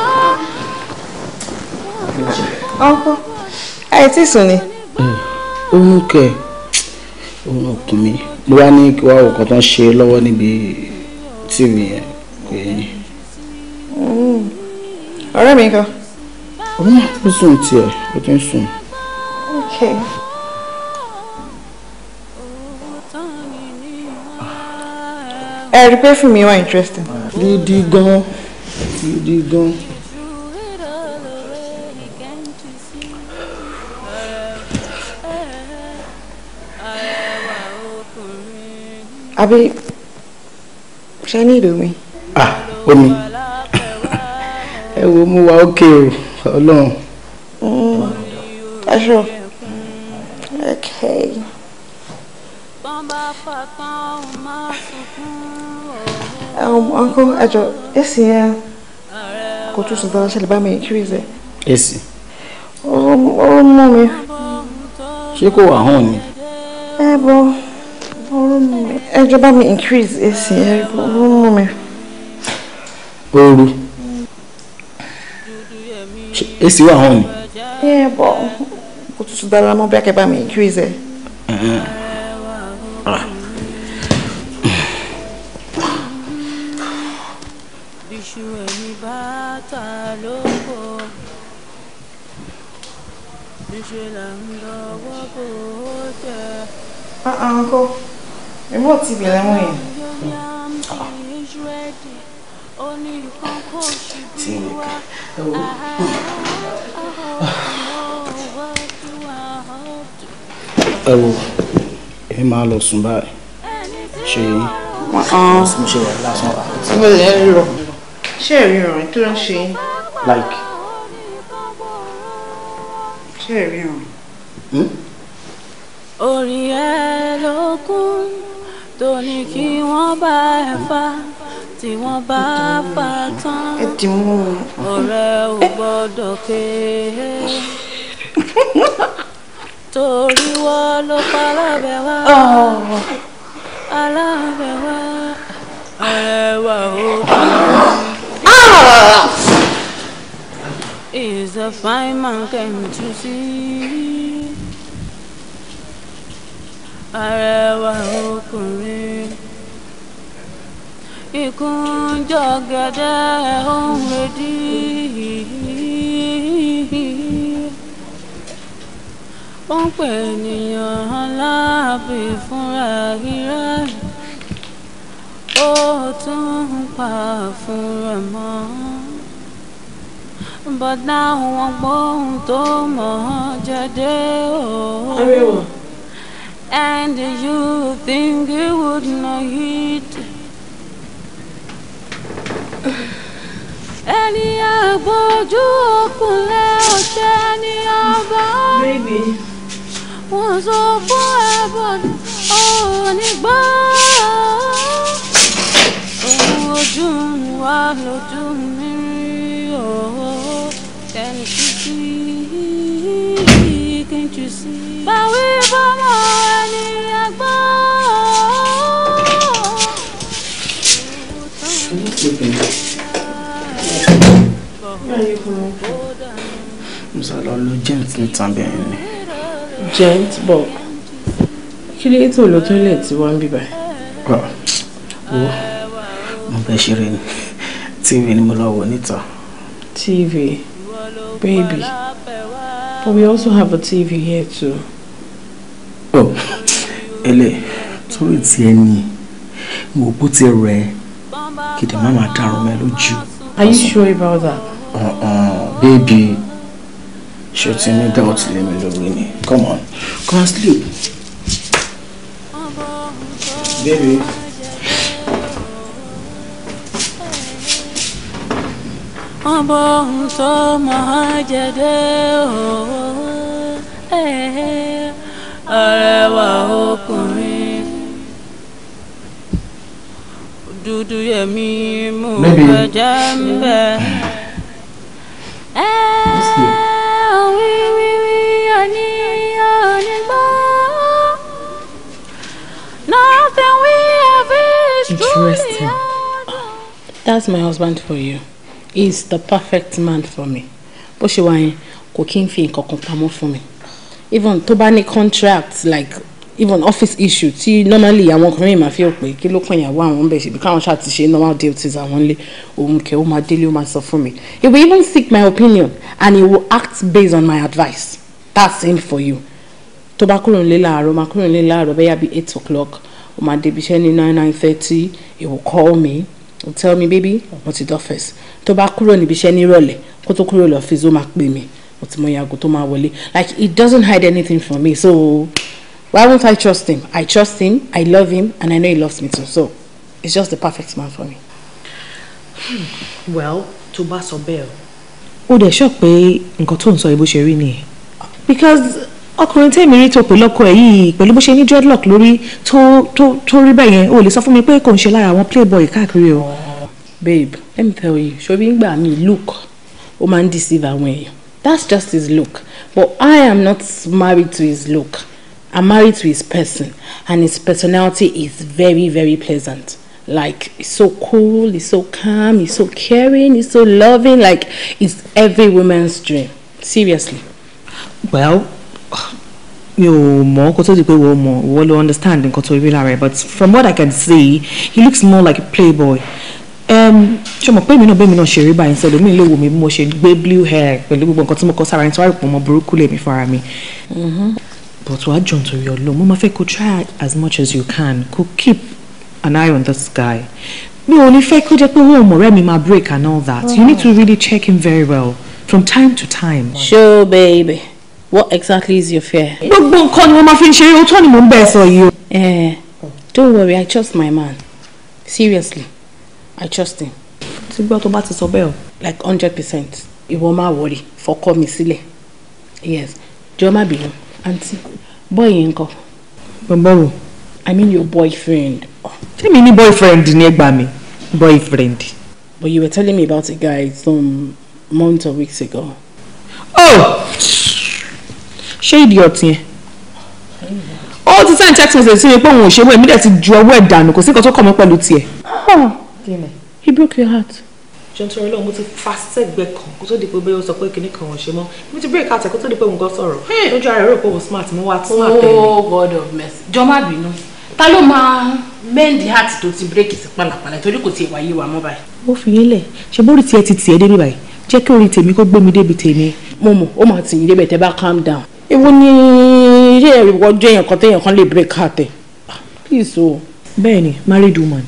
ọkọ ẹ ti sùn ni. oorun kẹ oorun kùn mí mo wá ní kí wàá wò kàn tán ṣe lọ́wọ́ níbi tíìmù yẹn kò yẹ yín. ọ̀rẹ́ mi kan. òun náà ti sùn tiẹ̀ ó ti ń sùn. okay. ẹ rí pé fún mi wá interesting. gidi gan gidi gan. àbí ṣe ní ìlú mi. ah omi ẹ wo mú wa ókè o Ọlọ́run. Mm, ẹ ṣọ okay. Um, uncle ẹjọ èsì yẹn kò tún sùn tọ́lá ṣẹlẹ̀ bá mi me wíìzẹ̀. èsì. ó mú mi. ṣé kò wà hàn ni. ẹ bọ ẹjọ bá mi increase èsì yẹn ó mú mi. ooru èsì wà hàn ni. ẹ bọ kò tún sùn tọ́lá mọ́ bí akẹ́ bá mi increase ẹ. ta lóko níṣẹ́ là ń lọ́wọ́ bó jẹ́. àǹkọ́ ẹ̀mọ́ ti bẹ̀rẹ̀ mọ́ yẹn. tí ì ká ẹ wò ẹ wò ẹ máa lọ sùn báyìí ṣe yín ah, ah. mo ṣe wà lásán ṣé ẹ̀rí ọ̀rìn tó ń ṣe. like. ṣé ẹ̀rí ọ̀rìn. orí ẹ hmm? ló kún tó ní kí wọ́n bá ẹ fa tí wọ́n bá fa tán ọ̀rẹ́ ò gbọ́dọ̀ ké torí wọ́n ló pa lábẹ́ wá oh. alábẹ́ wá ọ̀rẹ́ wà ó dùn is a fine man can't you see. Arẹwà ọkùnrin. Ìkúnjọ gẹ̀dẹ̀ òun retí. Ó ń pè ènìyàn láàbì fúnra rírẹ́. Ó tún ń pa fúnra mọ́ but now I'm gbóhùn to mọ̀ ọ́n jáde oh. And you think you would not hit? Ẹni àgbójú òkúnlẹ̀ ọ̀ṣẹ́ let ọba. Baby. Maybe. sọ fún ẹ but ọ̀ nígbà. Òun ojú wa lójú mi rí oh. ọ̀ọ́. báwí bọ́mọ ẹni ẹgbọ́n. mo sọ lo gent nítan bẹ́ẹ̀ ni. gent bọ̀ kí lè tó lọ toilet wá ń wo mo fẹ́ ṣeré ni tv ni mo lọ wò níta. tv baby. But we also have a TV here too. Oh, Ele, sorry it's ẹni, mo bó ti ẹrù ẹ, kìdí mama máa dàrú mẹ́ Are you sure about that? Uh-uh, baby, ṣe ti ní doubt lé mi lórí ni. Come on, come on sleep. Baby. wọ́n bọ́ ń Interesting. That's my husband for you is the perfect man for me bó ṣe wà yẹn kò kí n fi nǹkan kan pamọ́ fún mi even tó bá ní contract like even office issue tí normally àwọn ọkùnrin máa fi hàn pé kí ló kàn ìyàwó àwọn bẹ̀ ṣe bí káwọn ṣáà ti ṣe normal duties àwọn lé òun kẹ́ ó máa délé ó máa sọ fún mi he will even seek my opinion and he will act based on my advice that's him for you tó bá kúrò nílé láàárọ̀ máa kúrò nílé láàárọ̀ bẹ́ẹ̀ yà bí eight o'clock ó máa débi iṣẹ́ ní nine nine thirty he will call me tell me baby mo ti dọ́fẹ̀sì tó bá kúrò níbi iṣẹ́ nírọ̀lẹ́ kó tó kúrò lọ́fíìsì ó máa pè mí mo ti mọ ìyàgò tó máa wọlé like he doesn't hide anything from me so why won't I trust him I trust him I love him and I know he loves me too so he's just the perfect man for me. well tó bá sọ bẹ́ẹ̀ o. ó dẹ̀ sọ pé nǹkan tó ń sọ ibo ṣe rí nìyẹn. because ọkùnrin tèmi rí tó pè lọ́kọ ẹ̀ yìí pẹ̀lú bó ṣe ní dreadlock lórí tó tó tó rí bẹ́ẹ̀ yẹn o lè sọ fún mi pé kò ń ṣe lára àwọn playboy káàkiri o. babe let me tell you ṣobi ń gbà mí look ó máa ń deceive àwọn èèyàn that's just his look but I am not married to his look I'm married to his person and his personality is very very pleasant like he's so cool he's so calm he's so caring he's so loving like it's every woman's dream seriously. well You ò mọ̀ kó tó more. pé wọ́n understand nǹkan tó rí lára but from what I can see he looks more like a playboy ṣe mọ̀ pé èmi náà bẹ́ẹ̀ mi náà ṣe rí báyìí sọ́dọ̀ mi lè wò mí bí mo ṣe gbé blue hair pẹ̀lú gbogbo nǹkan tí mo kọ́ sára ẹni tí wàá rí pọ̀ mọ́ burúkú lèmi fara mi mm-hmm. but wàá jọ̀ nítorí ọlọ́ mo máa fẹ́ kó try as much as you can kó keep an eye on this guy mi ò ní fẹ́ kó jẹ́ pé wọ́n mọ̀rẹ́ mi máa break and all that you need to really check him very well from time to time. ṣé o bẹ́ẹ̀ What exactly is your fear? Gbogbo nǹkan ni mo máa fi ń ṣe òótọ́ ni mò ń bẹ́ẹ̀ sọ yìí o. Eh, don't worry, I trust my man. Seriously, I trust him. Ti gbọ́ tó bá ti sọ bẹ́ẹ̀ o. Like hundred percent. Ìwọ máa worry, fọkọ mi sílẹ̀. Yes, jọ má bínú. Àǹtí, bọ́ọ̀ yẹn ń Bàbá wo? I mean your boyfriend. Ṣé mi ní boyfriend ni ẹ gbà mí? Boyfriend. But you were telling me about a guy some months or weeks ago. Oh! ṣé ìdí ọtí yẹn ó ti send text message sí mi pé òun ò ṣe wẹ̀ mí dẹ̀ ti ju ọwọ́ ẹ̀ dànù kò sí nǹkan tó kọ̀ mọ́ pẹ̀lú tiẹ̀. he broke your heart. jẹun tó rẹ lọ́wọ́ mo ti fa sẹ́gbẹ́ kan kó tó di pé bẹ́ẹ̀ ó sọ pé kinní kan ò ṣe mọ́ mo ti break out ẹ̀ kó tó di pé òun gan sọ̀rọ̀ lójú ara rẹ̀ rò pé òun smart mo wá smart ẹ̀. oh god of mercy jọ má bínú ta ló máa the heart tó ti bírèkì sí pàlàpàlà torí kò tiẹ̀ wáyé wa mọ́ báyìí. ó fi yín lẹ̀ ṣe bórí tiẹ̀ ti tiẹ̀ débi báyìí jẹ́ kí orin tèmi kó gbé mi débi tèmi. mo mọ̀ ó máa tì yín débẹ̀ tẹ́ bá calm down ewu ni ilé ẹ̀rí wọ́jú èèyàn kan téèyàn kan lè break heart ẹ̀ ah, please o. bẹ́ẹ̀ni married woman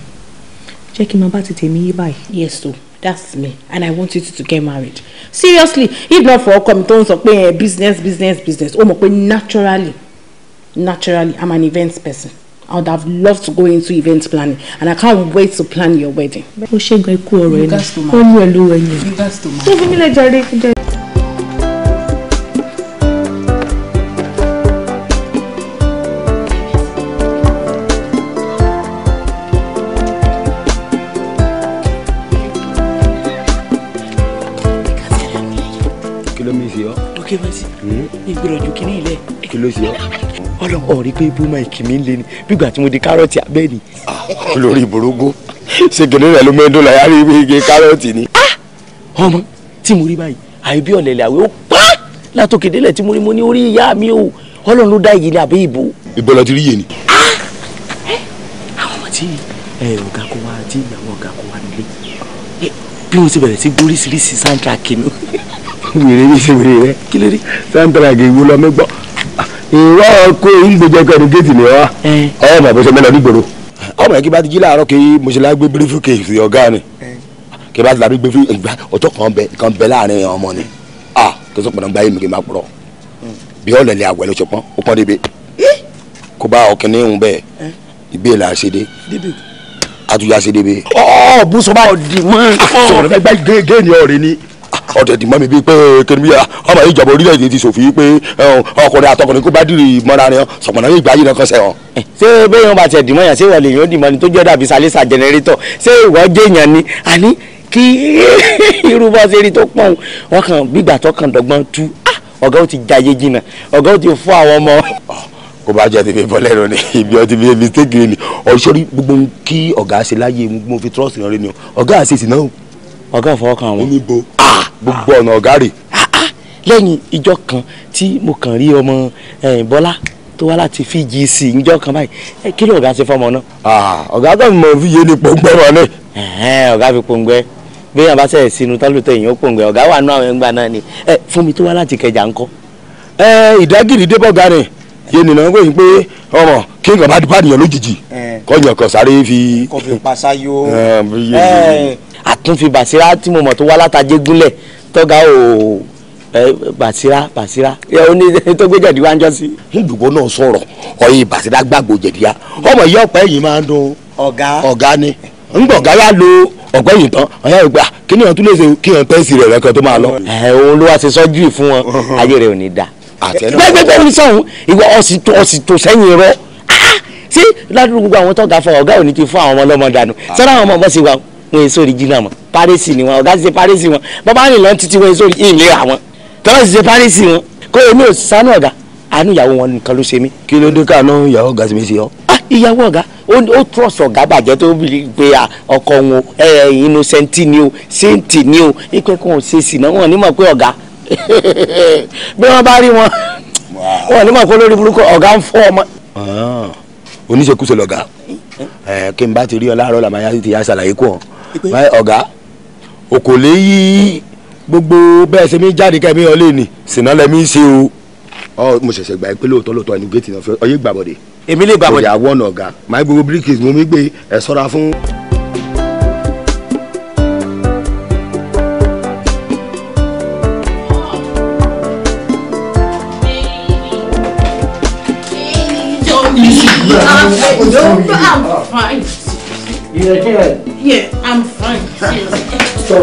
jẹ́ kí n máa bá ti tèmi yí báyìí. yes o that's me and i want you to get married seriously if not for ọkọ mi tó ń sọ pé eh, business business business ó mọ̀ pé naturally naturally i'm an events person i would have loved to go into event planning and i can't wait to plan your wedding. ó ṣe gan ikú ọ̀rọ̀ ẹni ó mú ẹ lówó ẹni. tó fi mí lè jẹrìí. ló ṣe ọ́ ọlọ́run ọ̀rí pé ibú máa kì mí lé ni bígbà tí mo di kárọ̀tì abẹ́ ni. Ah, olórí ìbòrógó ṣe gèdè rẹ ló mẹ́ńdó la yára ibi igi kárọ̀tì ni. Ah! ọmọ tí mo rí báyìí àìbí ọ̀lẹ̀lẹ̀ àwẹ̀ ó pa látòkè délẹ̀ tí mo rí mo ní orí ìyá mi o ọlọ́run ló dá ìyí ni àbẹ́ ìbò. ìbọ̀lọ̀ ti rí yé ni. Ah! Eh, àwọn ọmọ tí ọ̀gá kó wa tí ìyàwó ọ̀gá kó wa nílé eh, bí mo ti bẹ̀rẹ̀ sí gbóríṣiríṣi sáńtà kìnnú. wèrè ní sèwèrè rẹ kí ló dé. sáńtà kì í wúlọ mẹ́gbọ́n ìwọ kó ìgbèjẹ kẹrin géètì ni wa ọmọ àbọ̀sẹ̀ mẹ́lẹ̀ onígboro. ọmọ yẹn kí bá ti jí láàárọ̀ kí mùsùlùmí gbé bírífù kéèsì ọ̀gá ni kí bá ti làbí gbé fún ìgbà ọjọ́ kan bẹ kan bẹ láàrin ọmọ ni a kí sọ pọ̀nàgbà yìí mi kì í máa pọ̀rọ̀ bí ọ̀lẹ̀lẹ̀ àwẹ̀ ló ṣọpọ́n ó pọ́n débi kó bá ọkùnrin ìhùn bẹ́ẹ̀ ìbéè là ṣe dé àtúnyà ṣe débi. ọ̀ bùsùn bá ọ̀ dì mọ́. sọ̀rọ̀ fẹ́ gbá géènì ọ̀rẹ́ ni ọ̀tẹ̀ tì mọ́ mi bíi pé kẹ́ni bíi ọmọ yìí ìjọba orílẹ̀-èdè ti ṣòfin pé ọkùnrin àtọkùnrin kó bá dìrì mọ́ra rẹ̀ sọ̀pọ̀nà yóò gbáyé náà kàn sẹ́ wọn. Eh, ṣé bẹ́ẹ̀ yóò bá tiẹ̀ dìmọ̀ yàn ṣé ìwọ lè yàn ó dìmọ̀ ni tó jẹ́ dàbí salisa jẹnẹrétọ̀ ṣé ìwọ jẹ́ èèyàn ni àní kí irú bá ṣe rí tó pọ̀n wọn kàn gbígbà tó kàn dọ́gbọ́n tú ah, ọ̀gá ó ti jayé jìnnà ọ̀gá ó ti fún àwọn ọmọ ah, kò bá jẹ tèmi bọ́lẹ̀ rẹ ni ibi ọtí mi mistake rẹ ni ọ̀ṣọ́rí gbogbo kí ọ̀gá ṣe láyé mo fi trust rẹ ni ọ̀gá àṣeṣì náà ọ̀gá ìfọwọ́ kan àwọn. níbo ah, ah. gbogbo ọ̀nà ọ̀gá rè. Ah, lẹ́yìn ìjọ kan tí mo kàn rí ọmọ eh, bọ́lá tó wá láti fgc ìjọ kan báyìí eh, kí ló ọ̀gá ṣe fọmọ náà. ọ̀gá kan mọ̀ fíye ní pọ̀ngbẹ́ wọn ni. ọ̀gá fi pọ̀ngbẹ́ bí yàrá bá sẹ̀ sínú tálùtẹ̀ èèyàn pọ̀ngbẹ́ ọ̀gá wà nú àwọn ẹgbàá náà ni eh, fún mi tó wá láti kẹjà ńkọ́. ìdágìrì débọ̀ ga ni yé nìyẹn wọ́n pè é pé ọmọ kí nǹkan bá dìbò àdìyàn lójijì kọ́ àtúnfi bàṣírá tí mo mọ̀ tó wá látàjẹ́ gúnlẹ̀ tọ́gà ò bàṣírá bàṣírá ó ní tó gbé jẹ̀dí wá ń jọ sí. ndùgbò náà sọ̀rọ̀ ọyẹ bàṣírá gbàgbó jẹ̀dí ya ọmọ ìyá ọ̀pẹ yìí máa ń dun ọ̀gá ọ̀gá ni ńgbọ̀ ọ̀gá yá lo ọ̀pẹ yìí tán ọ̀yá ìgbà kí ni ọ̀tún lè ṣe kí ọ̀n pẹ́ǹsì rẹ̀ rẹ̀ kan tó máa lọ. ẹ òun ló wá ṣe sọ́jú fún wọn ayé rẹ̀ ò ní da. gbẹgbẹgbẹ ní sọ̀hún ìwọ ọ̀sì wọn èso original mọ́ parisi ni wọn ọ̀gá ti ṣe parisi wọn bàbá rìn lọ́n títí wọn èso ìlera wọn tọ́lá ti ṣe parisi wọn kó èmi ò sánú ọ̀gá àánú ìyàwó wọn nìkan ló ṣe mí. kí ló dé káàánú ìyàwó ọ̀gá ti mi ṣe ọ. Ah, ìyàwó ọ̀gá ó trọ̀sì ọ̀gá bàjẹ́ tó bí pé ọkọ wọn innocenti ni o sainti ni o ipe kan ò ṣe sì náà wọn nímọ̀ pé ọ̀gá bí wọ́n bá rí wọn wọn nímọ̀ pé olórí burúkú ọ̀gá ń fọ́ ọmọ. Ah, oníṣekúṣe lọ̀gá eh, eh. Eh, kí n bá ti rí ọ láàárọ̀ làmáyá ti yá ṣàlàyé kù ọ́ ọ̀gá òkò lè yí gbogbo bẹ́ẹ̀ ṣe mi jáde kẹ́mi ọ̀lẹ́ ni sìnà lẹ́mi ṣe o. ọ mo ṣẹ̀ṣẹ̀ gbà pé lóòótọ́ lóòótọ́ ẹni géètì náà fẹ́ ọyẹ́ gbàbọ̀dẹ̀. èmi lè gbàbọ̀dẹ̀. òyà wọ̀nà ọ̀gá máa gbogbo bíríkì mo mi gbé ẹ sọ́ra fún. I'm fine. You okay? Yeah, I'm fine. stop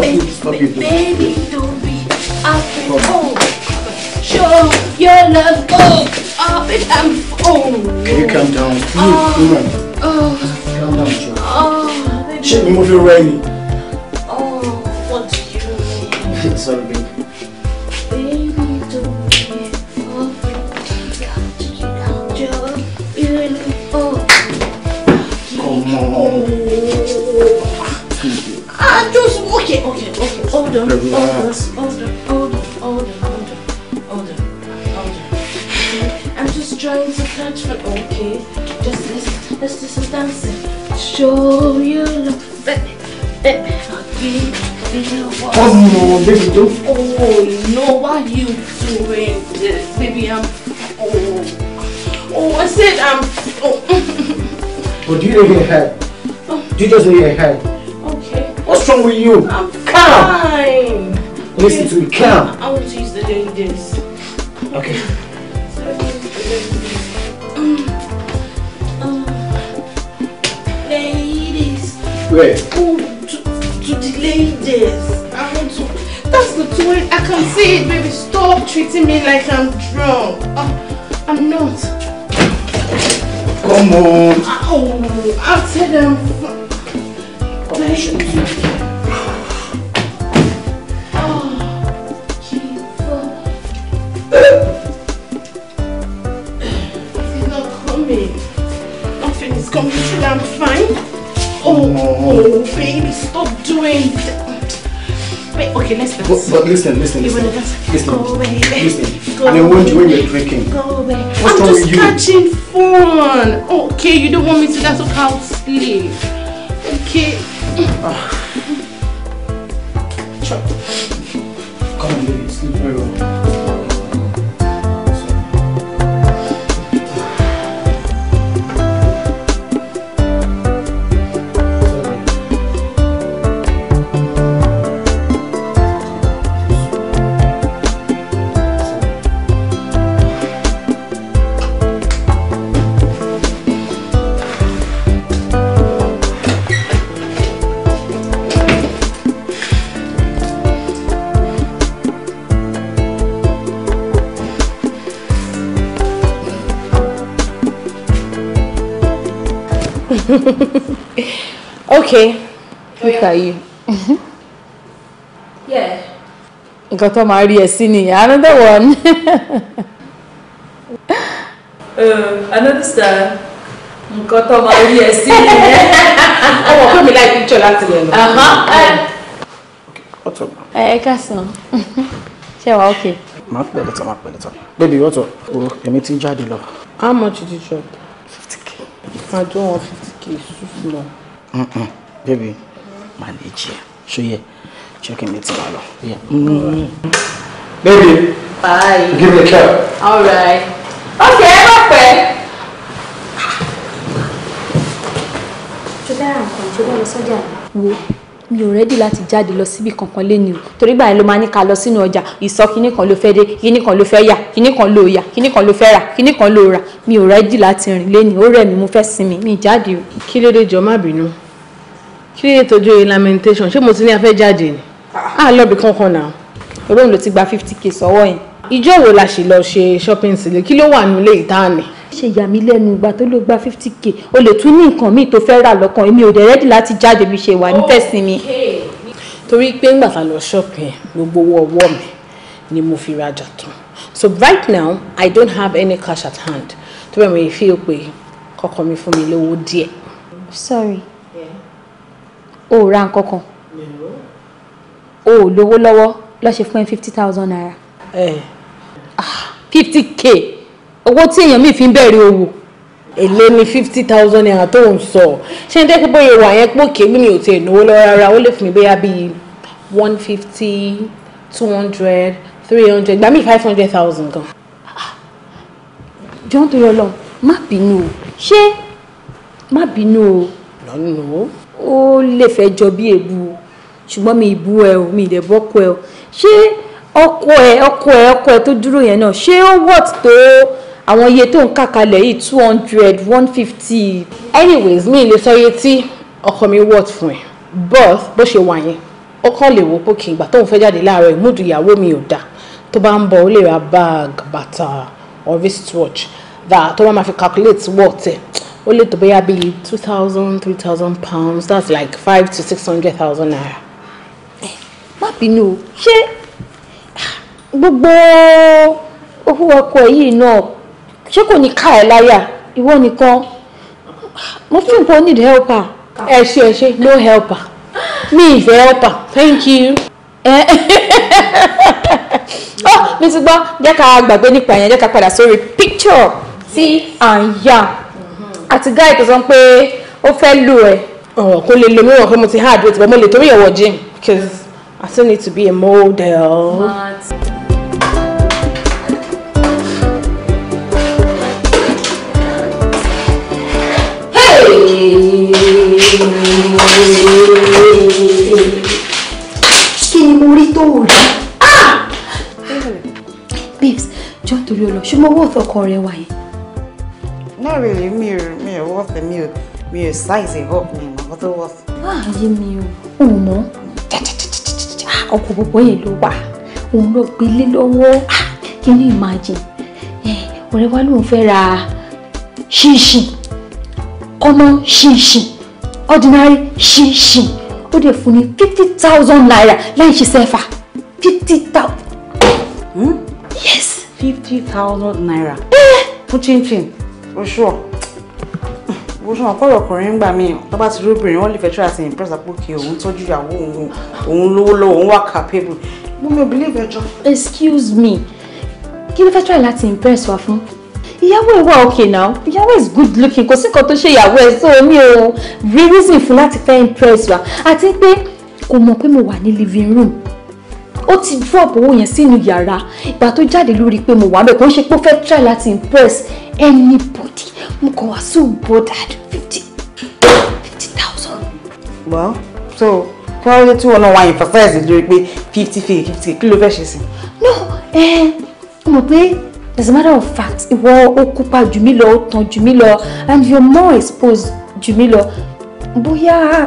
it, stop it. Baby, don't be afraid. Oh, show your love. Oh, oh, I'm. Oh. Can you calm down? Oh. Woman. Oh. Calm down, Joe. Oh. Baby. She move your rainy. Oh, what do you mean? Sorry, baby. Oh. I'm ah, just okay, okay, okay. Hold on, hold on, hold on, hold on, hold on, hold on, hold on, I'm just trying to catch my okay. Just listen, let's do some dancing. Show you love, baby, baby, baby. Oh no, baby, don't. Oh no, why are you doing this, baby? I'm. Oh, oh, I said I'm. Oh. But do you know your head? Oh. Do you just know your head? What's wrong with you? I'm calm. Fine. Listen to me, calm. I want to use the doing this. Okay. Ladies. Where? Oh, to, to the ladies. I want to. That's the toilet. I can see it, baby. Stop treating me like I'm drunk. Oh, I'm not. Come on. Ah, oh, I'll tell them. Thank Okay, But, listen, listen, listen. Listen, go away. Listen. Go I mean, when, when you're drinking. Go away. What's I'm wrong just catching fun. Okay, you don't want me to dance, okay, I'll sleep. Okay. Oh. okay oh, look at you. yeah. nǹkan tó máa rí ẹ sí another one. um, another star nǹkan tó máa rí ẹ sí nìyẹn. ọmọ pé mi láì picture láti rẹ lọ. Uh-huh. Eh, ẹ ká sàn ṣe wà ókè. máa pẹ̀ lẹ́tọ̀ máa pẹ̀ lẹ́tọ̀ baby wọ́tọ̀ o oh, èmi ti jáde lọ. how much did you drop. fifty k. i don't want baby, manage here. Show you. Check in it tomorrow. Yeah. Mm. Mm-hmm. Baby. Bye. Give me a cap. All right. Okay, okay. Jọba ẹ̀rọ kan jọba lọ sọ́jà. Wo mi ò rẹ́dì láti jáde lọ síbi kankan léni o torí báyìí ló máa ní ká lọ sínú ọjà ìsọ kinní kan ló fẹ́ dé kinní kan ló fẹ́ yà kinní kan ló yà kinní kan ló fẹ́ rà kinní kan ló rà mi ò rẹ́dì láti rìn léni ó rẹ̀ mí mo fẹ́ sinmi mi jáde o. kí ló dé jọ má bínú kí ló dé tójú oyin lamentation ṣé mo ti ní afẹ́ jáde ni á lọ́ọ̀bì kankan náà. olóhùn ló ti gba fifty k sọ́wọ́ yẹn. ìjọ́ wo la ṣì lọ ṣe shopping sílé kí ló wà nílé ìtaàní ṣe yà mí lẹ́nu ìgbà tó ló gba fifty k o lè tún ní nǹkan míì tó fẹ́ rà lọ́kàn èmi ò dẹ̀ rẹ́dì láti jáde bí ṣe wà ní mi. torí pé ńgbà tá a lọ ṣọ́ọ̀pù yẹn gbogbo owó ọwọ́ mi ni mo fi rajà tán so right now i don't have any cash at hand tó bẹ́ẹ̀ mo fi pé kọ́kọ́ mi fún mi lówó díẹ̀. sorry o ò ra nǹkan kan o ò lówó lọ́wọ́ lọ́ọ́ ṣe fún ẹ fifty thousand naira. Eh. Ah, fifty k owó tí èèyàn mi fi ń bẹ̀rẹ̀ òwò èlé ni fifty thousand naira tó ń sọ ṣé n jẹ́ pé bóyá wà yẹn pò kéwì ni ò ti ìnáwó lọ rárá ó lè fún mi bóyá bíi one fifty two hundred three hundred gbà mí five hundred thousand gan. jọ́n tó yọ lọ má bínú o ṣé má bínú o lọ́nà ó lè fẹ́ jọ bí èbú ṣùgbọ́n mi ìbú ẹ o mi ìdẹ̀ bọ́kọ ẹ o ṣé ọkọ ẹ ọkọ ẹ ọkọ ẹ tó dúró yẹn náà ṣé ó wọ̀t tó àwọn iye tó ń kà kalẹ̀ yìí two hundred one fifty. anyways mi lè sọ iye tí ọkọ mi worth fún ẹ but bó ṣe wà yẹn ó kàn lè wò pé kí n gbà tóun fẹ́ jáde láàárọ̀ ìmúdù ìyàwó mi ò dáa tó bá ń bọ̀ ó lè ra bag bàtà or wristwatch that tó bá máa fi calculate worth ẹ̀ ó lè tó bóyá bíi two thousand three thousand pounds that's like five to six hundred thousand naira. Eh, má bínú ṣé gbogbo owó ọkọ yìí náà ṣé kò ní ká ẹ láyà ìwọ nìkan mo fi nǹkan need helper ẹ ṣe ẹ ṣe no helper mi ìfẹ́ helper thank you. oh mi ti gbọ́ jẹ́ ká gbàgbé nípa yẹn jẹ́ ká padà sórí picture tí à ń yà àti guy tó sọ pé ó fẹ́ lù ẹ́. ọ̀rọ̀ oh, kò lè lo mi wọ̀n pé mo ti hard weight but mo lè torí ẹ̀wọ̀ gym because I still need to be a model. Mad. kí ni mo rí tó rí ah! babes jọ torí ọlọ ṣé mo wọ́ọ̀tọ̀ ọkọ rẹ wà yẹn. not really mi ò mi ò wọ́ọ̀tẹ̀ mi ò mi ò size ẹ̀ up mi ò mọ̀ tó wọ́ọ̀tẹ̀. ààyè ah, mi ò ò mọ̀ ah, ọkọ̀ bọ̀bọ̀ yẹn ló wà òun ló gbélé lọ́wọ́ kí ni imagine ọ̀rẹ́ wa lóun fẹ́ ra ṣinṣin kọ́mọ́ ṣinṣin ordinary ṣinṣin ó dẹ̀ fún ní fifty thousand naira láì ṣe sẹ́fà fifty thousand. Hmm? yes. fifty thousand naira. Eh. fún chinchin oṣù ọ̀ oṣù ọ̀ kọ́rọ̀ ọkùnrin gbà mí tó bá ti rúbìnrin wọ́n lè fẹ́ try àti impress àpòkè òun tọ́jú ìyàwó òun òun lówó lọ́wọ́ òun wà capable mo mi ò believe ẹjọ́. excuse me kí ló fẹ́ try láti impress wa fún ìyàwó ẹ wà òkè náà ìyàwó is good looking kò sí nǹkan tó ṣe ìyàwó ẹ so mi ò rí reason fún láti fẹ́ impress wa àti pé kò mọ̀ pé mo wà ní living room ó ti drop owó yẹn sínú yàrá ìgbà tó jáde lórí pé mo wà bẹ́ẹ̀ kò ń ṣe pé ó fẹ́ try láti impress anybody mo kàn wá so bothered fifty fifty thousand. well so kí wọ́n lè tí wọn náà wá emphasize lórí pé fifty k fifty kí ló fẹ́ ṣe sí. no ẹ eh, mo mọ̀ as a matter of fact ìwọ ó kópa jù mí lọ ó tàn jù mí lọ and you are more exposed jù mí lọ bóyá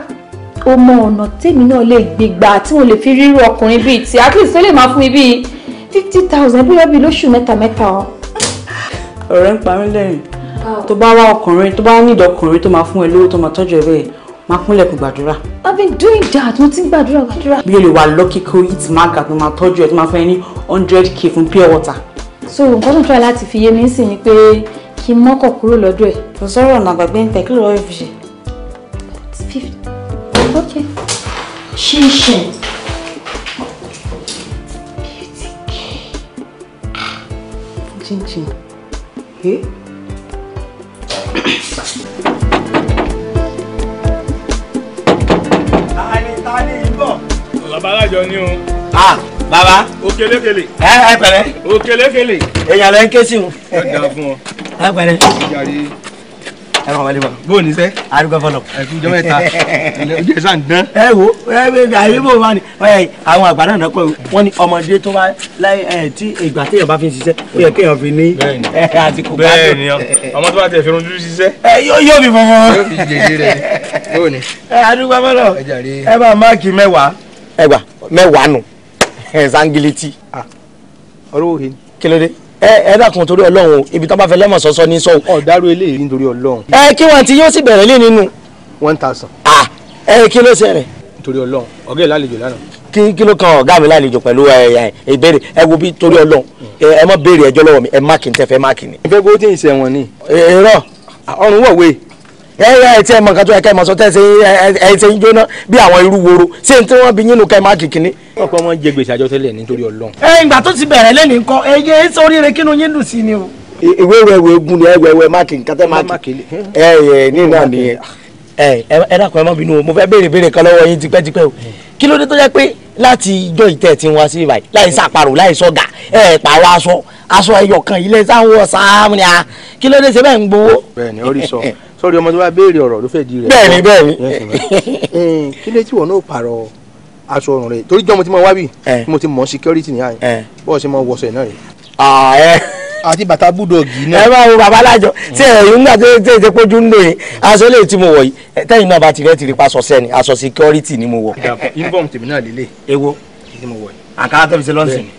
o mọ ọ̀nà tèmi náà lè gbégbá tí mo lè fi rírú ọkùnrin bíi ti at least ó lè máa fún mi bíi fifty thousand bóyá bíi lóṣù mẹ́ta mẹ́ta o. ọ̀rẹ́ ń pa mí lẹ́rìn tó bá wá ọkùnrin tó bá nídìí ọkùnrin tó máa fún ẹ lówó tó máa tọ́jú ẹ bẹ́ẹ̀ máa kúnlẹ̀ kó gbàdúrà. I've been doing that mo ti ń gbàdúrà gbàdúrà. bí o lè wà lọ́kìkọ́ it market tó máa tọ́jú ẹ tó máa fún ní hundred k fún pure water so nǹkan tó ń tọ́ láti fi yé mi sí ni pé kí n mọ́kọ̀ kúrò lọ́dọ̀ ẹ̀. kò sọ̀rọ̀ ọ̀nà àgbàgbé ń tẹ̀ kí ló rọ́ọ̀rì fi ṣe. ṣíṣe. chinchin. Eh? Tani tani ń Bàbá alájọ ni o. Ah! baba. okelekele. ẹ ẹ pẹ̀lẹ́. okelekele. èèyàn lẹ ń ké sí o. ẹ dà fún ọ. ẹ pẹ̀lẹ́. ẹ kàn wọlé bọ. bó o ní sẹ. arúgbó fọlọ. ẹ kú jọmọ ẹ ta ojú ẹ sàn dán. ẹ wo ẹ bẹ àyè bò wá ni ẹ àwọn àgbà náà nọkọ wọn ni ọmọdé tó bá láyé ẹ tí ìgbà téèyàn bá fi ń o ó yẹ kéèyàn fi ní ẹ àsìkò bá dùn. bẹ́ẹ̀ni ọmọ tó bá tẹ fẹrun dúdú ṣiṣẹ́. ẹ yóò yóò fi fọwọ́. yóò fi jẹjẹrẹ bó o ní. ẹ arúgbó fọlọ ẹ bá ẹ̀ eh, zangiliti. Ah. ọ̀rọ̀ òhe ni. kí ló dé ẹ ẹ dákun torí Ọlọ́run ibi tó bá fẹ́ lẹ́mọ̀ sọ́sọ́ ní sọ́hùn. ọ̀dàrú eléyìí nítorí Ọlọ́run. ẹ kí wọn ti yóò sì bẹ̀rẹ̀ lé nínú. one thousand. ah ẹ kí ló ṣe rẹ. nítorí Ọlọ́run ọ̀gá ẹ̀ lálejò lánàá. kí kí ló kan ọ̀gá mi lálejò pẹ̀lú ìbéèrè ẹ wo bí torí Ọlọ́run mm. ẹ má béèrè ẹjọ́ lọ́wọ́ mi ẹ má kì í tẹ́ fẹ́ má kì í ni. ìfẹ́ gbóòtì ìṣẹ̀wọ̀n ni ẹ ẹ tí ẹ mọ nǹkan tó yẹ kẹ́ ẹ mọ sọ tẹsẹ ẹ ẹ ṣe ń jóná bí àwọn irú woro ṣé n tí wọn bí yín nù kẹ́ má kìkínní. ọkọ wọn jẹ gbèsè àjọ tẹ́lẹ̀ nítorí Ọlọ́run. ẹ ìgbà tó ti bẹ̀rẹ̀ lẹ́nu nǹkan ẹyẹ sórí rẹ kínú yín dùn sí ni o. ìwé ìwé ìwé egun ni ẹwẹ ẹwẹ máàkì nǹkan tẹ máàkì ẹ ẹ ní náà nìyẹn. ẹ ẹ dákun ẹ má bínú o mo fẹ́ béèrè béèrè kan lọ́wọ́ yín tipẹ́tipẹ́ o kí ló dé tó jẹ́ pé láti ijó ìtẹ́ tí wọ́n sí ibàyí láì sàparò láì sọ̀gà ẹ̀ pààrọ̀ aṣọ aṣọ ẹyọ kan ilé sáwọn sáà ní a kí ló dé ṣe bẹ́ẹ̀ ń gbowó. bẹ́ẹ̀ni orí sọ sọ́ọ́rì ọmọ tó bá béèrè ọ̀rọ̀ ló fẹ́ di rẹ̀. bẹ́ẹ̀ni bẹ́ẹ̀ni. Eh, kí lè tí wọn náà pààrọ̀ aṣọ ọrùn rẹ torí jọ́ mo ti mọ wá bì eh. mo ti mọ security nìyá yẹn bọ́ọ̀ ṣe mọ wọṣọ ẹ̀ náà rẹ̀. àti bàtà búdọ̀gì náà. ẹ máa wo bàbá alájọ mm. tí ẹ yóò gbà tó ṣe pójú ń lò yín aṣọ lè tí mo wọ̀ yìí tẹ́yìn náà bá ti rẹ́ ti rí paṣọ sẹ́ni aṣọ security ni mo wọ̀. uniform tèmi náà lélẹ̀. mo wọ̀ yìí. àkàrà tó fi ṣe lọ́sìn ni.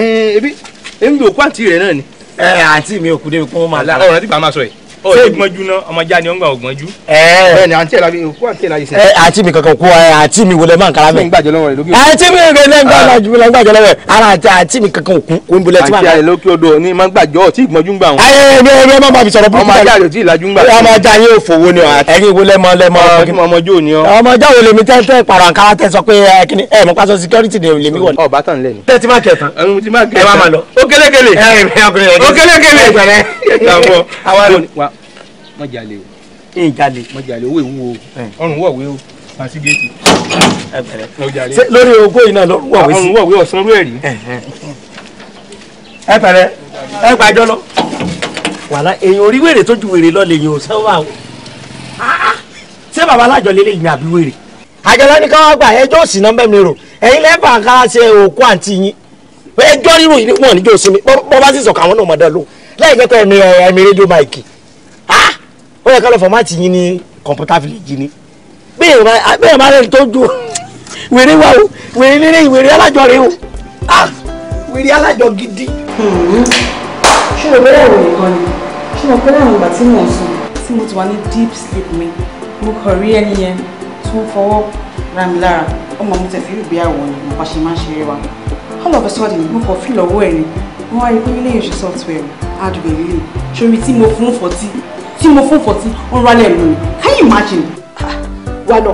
ẹ eh, ẹ ebi ebi òkú àǹtí rẹ náà ni. ẹ àǹtí mi òkú débi kún ó máa. ọ̀rọ̀ àti bàá máa sọ yìí ó ṣe gbọ́njú náà ọmọjà ni ó ń gbà ògbọ́njú. bẹ́ẹ̀ni àǹtí ẹlá òkú àǹtí ẹlá yìí sẹ. àǹtí mi kankan kú àǹtí mi wọlé máa ń kara mi. àǹtí mi rẹ náà gbàgbà jù lọ gbàgbà lọ́wọ́ ara àǹtí àǹtí mi kankan kú kó ń bolẹ tí màá. àǹtí ayé lókè odò ní máa ń gbàjọ ọtí ìgbọ́njú ń gbà wọn. ayé ẹgbẹ́ ẹgbẹ́ má bàbí sọ̀rọ̀ burúkú. ọmọ ajá rẹ̀ tí ìlàjú ń gbà. ọmọ ajá yóò fowó ni ẹ̀yin wo lẹ́mọ lẹ́mọ. ọmọjó ni ọ. ọmọjó wo lèmi tẹ́ tẹ́ pàrọ̀ àǹkárá tẹ́ sọ pé ẹ̀kíní ẹ̀ mọ̀ pásọ security ni lèmi wọ̀. ọ̀ bá tàn lẹ́nu. tẹ́ ti máa kẹ̀ tán. ẹ máa ma lọ. ó kélékèlè. ó kélékèlè mọ jalè o. ń jalè. mọ jalè owó ìwú o ọrùn wọ̀wé o pàṣẹ géètì. ẹ bẹ̀rẹ̀ lórí ogó yìí náà lọ́rùn wọ̀wé sí. ọrùn wọ̀wé ọ̀sán rú ẹ̀rí. ẹ bẹ̀rẹ̀ ẹ gbàjọ lọ. wàhálà èèyàn orí wèrè tó ju wèrè lọ lèèyàn ò sẹ́wà o. Ah, ah. ṣé bàbá alájọ lélẹ̀ yìí àbí wèrè. àjọlọ ní káwá gbà ẹjọ́ òsì náà bẹ́ẹ̀ mi rò ẹ̀yin lẹ́bàá ká ṣe òkú àǹtí yín ẹjọ́ rírò yìí wọn níjọ́ sinmi bọ́ bá sì sọ̀kà àwọn náà mọ̀ dá lóhùn lẹ́yìn kẹ́kọ̀ọ́ mi ẹ̀mí rédíò máìkì ó yẹ ká lọ fọmáàtì yín ní kọ̀ǹpútà fìlẹ̀jì ni bẹ́ẹ̀ máa rẹ̀ tó ju wèrè wa o wèrè nílé ìwèrè alájọ rẹ o ah, wèrè alájọ gidi. Hmm. ṣé o bẹ́rẹ̀ rẹ̀ nìkan ni ṣé mo bẹ́rẹ̀ àwọn ìgbà tí mò ń sùn tí mo ti wà ní deep sleep mi mo kàn rí ẹni yẹn tó ń fọwọ́ ra mi lára ọmọ mi tẹ̀sí ìgbé àwọ̀ ni mo bá ṣe máa ń ṣeré wa all of a sudden mo kàn fi lọ́wọ́ ẹ̀ ni wọ́n á rí pé ilé ìṣe software adùn èlé ṣorí tí mo fún fọtí tí mo fún fọtí ń rálẹ̀ mú mi can you imagine. Ah, wà lọ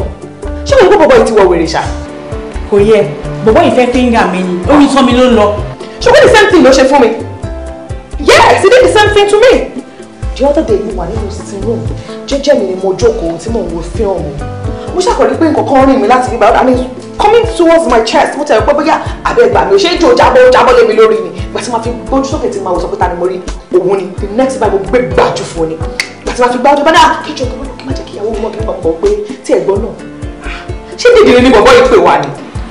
ṣé mo ní kó bọ̀bọ̀ yìí ti wọ wèrè ṣá. kò yẹ bọ̀bọ̀ yìí fẹ́ fíńgà mi ni orí tán mi ló ń lọ. ṣùgbọ́n the same thing ló ṣe fún mi. yes he did the same thing to me. the other day mo wà nínú sitting room jẹ́jẹ́ mi ni mo jókòó tí mò ń wo fíìmù mo ṣàkọrí pé nǹkan kan rìn mí láti bíbá and it's coming towards my chest mo tẹ̀wé pé bóyá àbẹ̀gbà mi ò ṣe é jò jábọ́ jábọ́ lé mi lórí ni ìgbà tí ma fi gbójú sókè tí ma wò sọ pé ta ni mo rí òun ni the next time mo gbé gbàjú fún ni ìgbà tí ma fi gbájú bọ́dà kíjọ kí wọ́n má jẹ́ kí ìyàwó mọ́ kí wọ́n pọ̀ pé tí ẹ̀gbọ́n náà ah, ṣé dìdìrín ni bọ̀bọ́ yìí pè wá ni.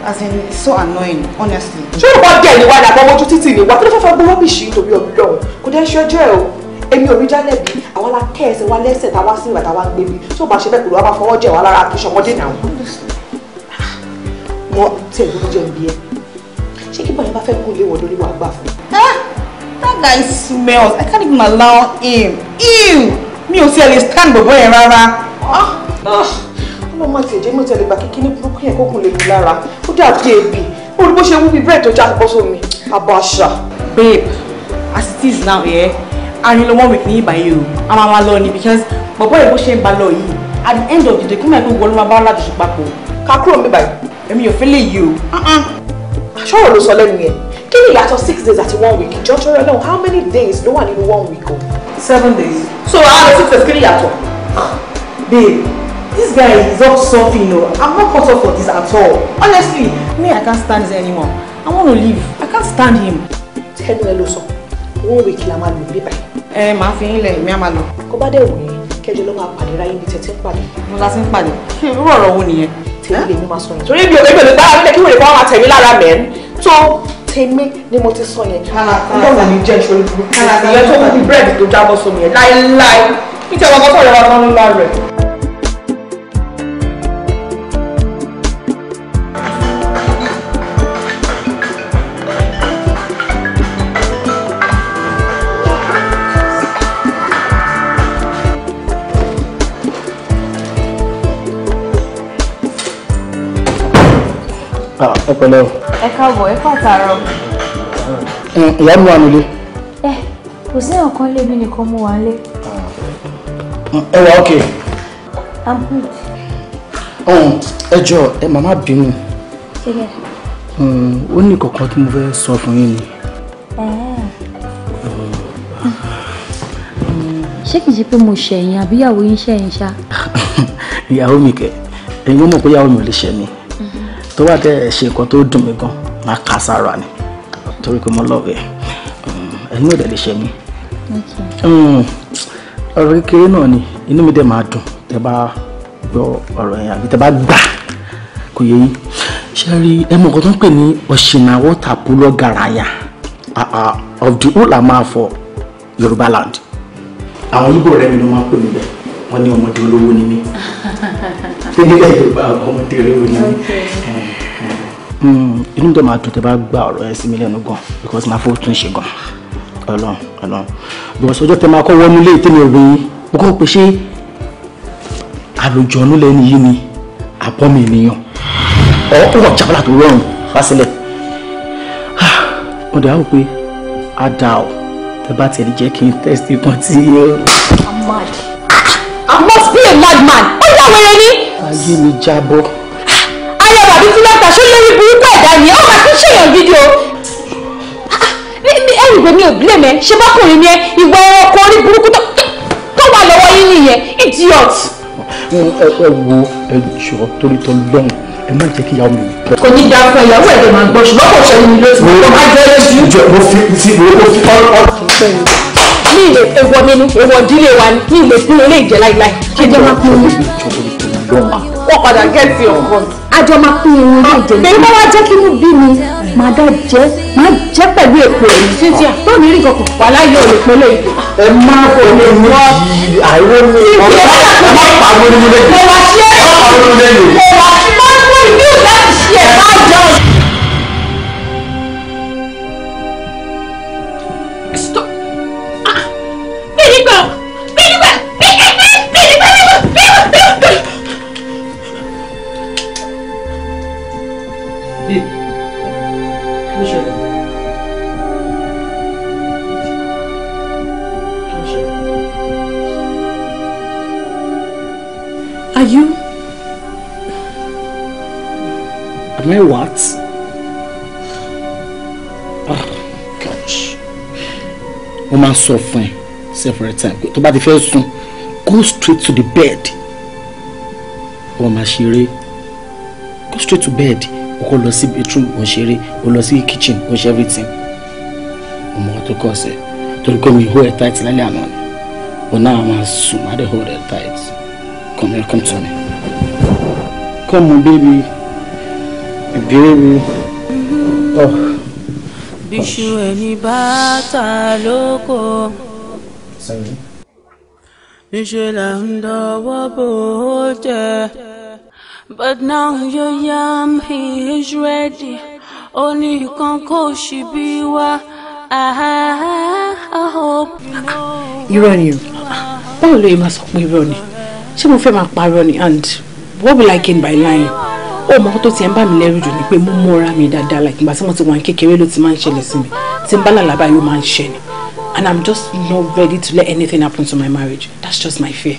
as in it's so annoying honestly. ṣé o bá jẹ́ ìwádìí àbọ̀mọ́jú títì ni wà kí ló fẹ́ fẹ́ gbọ́ rọ́bìṣì nítorí ọ̀gbìn lọ́hùn kò dẹ́ ṣe ọjọ́ ẹ̀ o èmi ò rí jálẹ̀bí àwọn la tẹ́ ẹsẹ̀ wa lẹ́sẹ̀ tá a wá sí ìgbà tá a wá ń gbé bí tó bá ṣe bẹ́ẹ̀ kò lọ́wọ́ bá fọwọ́ jẹ̀ wá lára kí ṣọmọdé náà wọ́n tẹ̀ ló jẹun bí ẹ ṣé kí báyìí bá fẹ́ kó lé wọ lórí wa gbà fún. Ah, that guy smells I can't even allow him ew mi ò tiẹ̀ lè stand bọ̀bọ̀ yẹn rárá. Ah, ah. ọlọ́mọ tiẹ̀ jẹ́ mi ò tiẹ̀ lè gbà kí kíní burúkú yẹn kókun lè mú lára ó dàbí ebi ó rí bó ṣe wú bí bírẹ̀ tó já bọ́ sómi àbọ̀ àṣà. babe as it is now eh? àárín lọ one week ní by you. a máa máa ni because bọ̀bọ̀ ìbò ṣe ń ba lọ yìí at the end of the day kí mọ̀ ẹ́ pé wọ́n ló máa bá láti ṣe papọ̀ ká kúrò níbẹ̀ báyìí èmi ò fẹ́ lè yí o. Uh-uh. aṣọ́rọ̀ ló sọ lẹ́nu yẹn kí ni six days àti one week jọjọ rẹ náà how many days ló wà nínú one week o. seven days. so àwọn ọ̀rọ̀ six days kí ni babe this guy is up to something o i'm not cut off for this at all honestly me i can't stand this anymore i want to leave i can't stand him. tẹ́lẹ̀ ló sọ one week la máa lò níbàyìí ẹ máa fi yín lẹ èmi á máa lọ. kó bá dẹ̀ wò yín kẹjọ ló máa pàdé ráyé ní tẹ̀tí ń pàdé. mo la ti ń pàdé hm, irú ọ̀rọ̀ wo nìyẹn. tèmi lèmi máa sọ yẹn. torí ibi òde ìbẹ̀lẹ̀ gbára nílẹ̀ kí wèrè bá wà tẹ̀mí lára mẹ́ tó tèmi ni mo ti sọ yẹn. bọ́ọ̀lù mi jẹ́ ìṣòro ìyẹn tó kú bí bírèdì tó jábọ́ sómi yẹn láéláé nítorí ọmọ tó rẹwà náà ló lọ rẹ̀. ẹ pẹ̀lẹ́ o. ẹ káàbọ̀ ẹ pàtàrọ̀. ìyá mi wà nílé. ẹ kò sí ọ̀kan lé mi nìkan mo wà lé. ẹ wà ókè. i'm good. Um, ẹ jọ ẹ màmá bínú. Um, ó ní kankan tí mo fẹ́ sọ fún yín ni. ṣé kìí ṣe pé mo ṣẹ̀yìn àbíyàwó yín ṣẹ̀yìn ṣá. ìyàwó mi kẹ ẹ̀yin ó mọ̀ pé ìyàwó mi ò lè ṣẹ̀ tó wà dẹ̀ ṣe nǹkan tó dùn mí gan máa kà sára ni torí pé mo lọ́ọ̀bẹ̀ mm, ẹ̀mí ò dẹ̀ lè ṣe mí mm, ọ̀rọ̀ kékeré náà ni inú mi dẹ̀ máa dùn tẹ́ bá gbọ́ ọ̀rọ̀ yẹn àbí tẹ́ bá gbà kò yẹ yín ṣe rí ẹmọ nǹkan tó ń pè ní ọ̀ṣìnàwọ́ tàbúlọ̀ garaya of the whole amount for Yorùbá land àwọn olùkọ́ rẹ̀ mi ló máa ń pè mí bẹ́ẹ̀ wọ́n ní ọmọdé olówó ni mí nílẹ̀ Yorùbá ọmọdé olówó ni mí. Hmm, inú tó máa dùn tẹ́ bá gba ọ̀rọ̀ ẹ sí mi lẹ́nu gan because máa fọ́ tún ṣe gan ọlọ́run ọlọ́run because ọjọ́ tẹ́ máa kọ́ wọnú ilé ìtẹ́mi òwe mo kọ́ pé ṣé àlòjọ́nú lẹ́nu yìí ni àbọ́mi ènìyàn ọ̀ ó wọ̀ jábọ́lá tó rọrùn fásilẹ̀ ah, mo dẹ̀ á pé á dà ọ́ tẹ́ bá tẹ̀lé jẹ́ kí n test kan tí. I'm mad. I must be a man. ó yà wẹ̀rẹ̀ ni. ayé mi jábọ́ fìtílátà ṣó lórí burúkú ẹ̀dá ni ó máa tún ṣèyàn gidi o ah, ah, ẹrù gbèmí ò bílẹ̀ mẹ́ ṣe bákùnrin ni ẹ ìwà ọkọ orí burúkú tó wà lọ́wọ́ yín nìyẹn idiot. ẹ wo ẹ jọ torí tọ lọ́hùn ẹ má jẹ́ kí ìyàwó mi gbọ́. kò ní dáa fún ìyàwó ẹ̀dẹ̀ máa gbọ́ ṣùgbọ́n kò ṣẹlẹ̀ nílé tí mo máa jẹ́ lójú. jọ mo fi ti mo mo fi ọ́ ọ́. ní ilé ewọ mi ni ewọ ìdílé wa ni ní ilé ìpínlẹ̀ ilé ìjẹ́ láíláí. ẹ jẹ́ máa pín in wọ́n padà gẹ́ẹ̀tì ọ̀kan. àjọ máa pín irun ilé ìjẹun. èyí bá wá jẹ́ kí inú bí mi máa dá jẹ́ máa jẹ́ pẹ̀lú èpò ẹ̀yìn. cynthia tó ní rí kankan wà láyé òní pẹ̀lẹ́ ìpè. ẹ máa fọ ilé mi yìí àìwọ́ mi ọ̀rọ̀ ẹ má pa àwọn onímọ̀lẹ́yìn. mo wá sí ẹ̀ ọ́ àwọn onímọ̀lẹ́yìn. mo wá sí máa ń pín ìlú láti ṣe ẹ̀ láàjọ. sọ fún ẹ several times pé tó bá ti fẹ́ sùn go straight to the bed wọ́n máa ṣeré go straight to bed o kò lọ sí bedroom o ṣeré o lọ sí kitchen o ṣe everything ọmọ tó kọ ọsẹ torí kò mi hó ẹ tight lálẹ́ àná ni but now I'm sùn má dé hold ẹ tight come here come to me come on baby baby mm-hmm. oh iṣu ẹni bá ta lóko níṣẹ́ là ń dọwọ́ bò ó jẹ́. But now your yam he is ready oní nǹkan kò ṣì bí wá. Ah, irọ́ ni o, báwo ló yẹ máa sọ pé irọ́ ni? Ṣé mo fẹ́ máa parọ́ ni and what will I gain by lying? ó mọ kó tó tiẹ̀ ń bà mí lẹ́rù jù ni pé mo mọ́ra mi dáadáa like ìgbà tí mo ti wà ní kékeré ló ti máa ń ṣẹlẹ̀ sí mi tí n bá làlábà yóò máa ń ṣẹ ni and i'm just not ready to let anything happen to my marriage that's just my fear.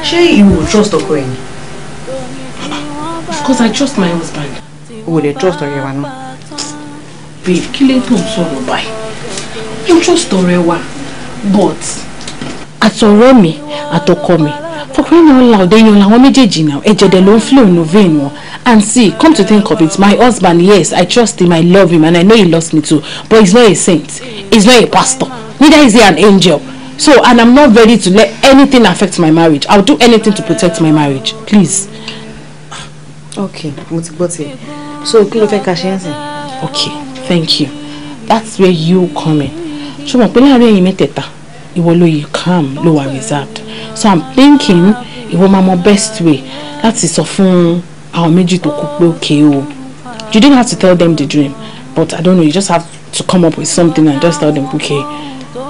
ṣé ìwò trust ọkọ ẹ ni. because i trust my husband. o ò trust ọ̀rẹ́ wa náà. babe kí lè tó ń sọ̀rọ̀ báyìí you trust ọ̀rẹ́ wa but àtọ̀rẹ́ mi àtọkọ mi for crying out loud èèyàn làwọn méjèèjì náà ẹ̀jẹ̀ dẹ̀ ló ń flow inú vein wọn and see come to think of it my husband yes i trust him i love him and i know he loves me too but he's not a saint he's not a pastor neither is he an angel so and i'm not ready to let anything affect my marriage i'll do anything to protect my marriage please. okay mo ti gbọ́ tiẹ̀ so kí ló fẹ́ ka ṣe ń sìn. okay thank you that's where you come in ṣùgbọ́n pé láàárín ẹ̀yin mẹ́tẹ̀ẹ̀ta ìwọ ló yìí calm ló wà reserved so i'm thinking ìwọ máa mọ best way láti sọ fún àwọn méjì tó kú pé okay o you didn't have to tell them the dream but i don't know you just have to come up with something and just tell them okay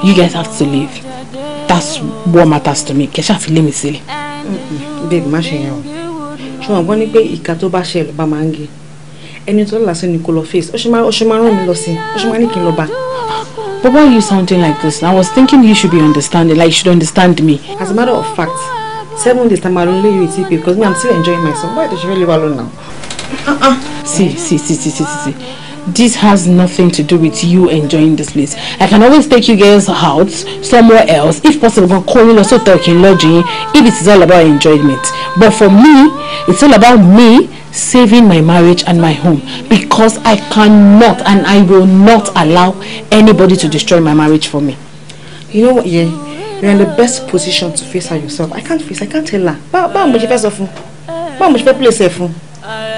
you guys have to leave that's what matters to me kẹsà fi lé mi sílẹ̀. Mm-hmm. babe má ṣe yẹn o ṣùgbọ́n àgbọ́n ni pé ìka tó bá ṣe lọ́ba máa ń gé ẹni tó lásán ni kò lọ face ó ṣe máa rán mi lọ sí i ó ṣe máa ní kí n lọ bá a. But why are you sounding like this? I was thinking you should be understanding, like you should understand me. As a matter of fact, seven days time I'll only you with because me I'm still enjoying myself. Why does she really alone now? Uh-uh. See, see, see, see, see, see this has nothing to do with you enjoying this place i can always take you guys out somewhere else if possible gan calling yín lọ sóòtọ́ kí if it is all about enjoyment but for me it's all about me saving my marriage and my home because i cannot and i will not allow anybody to destroy my marriage for me. you know what yeah you're in the best position to face her yourself i can't face i can't tell her But mo ṣe fẹ́ face her báwo mo ṣe fẹ́ place her fún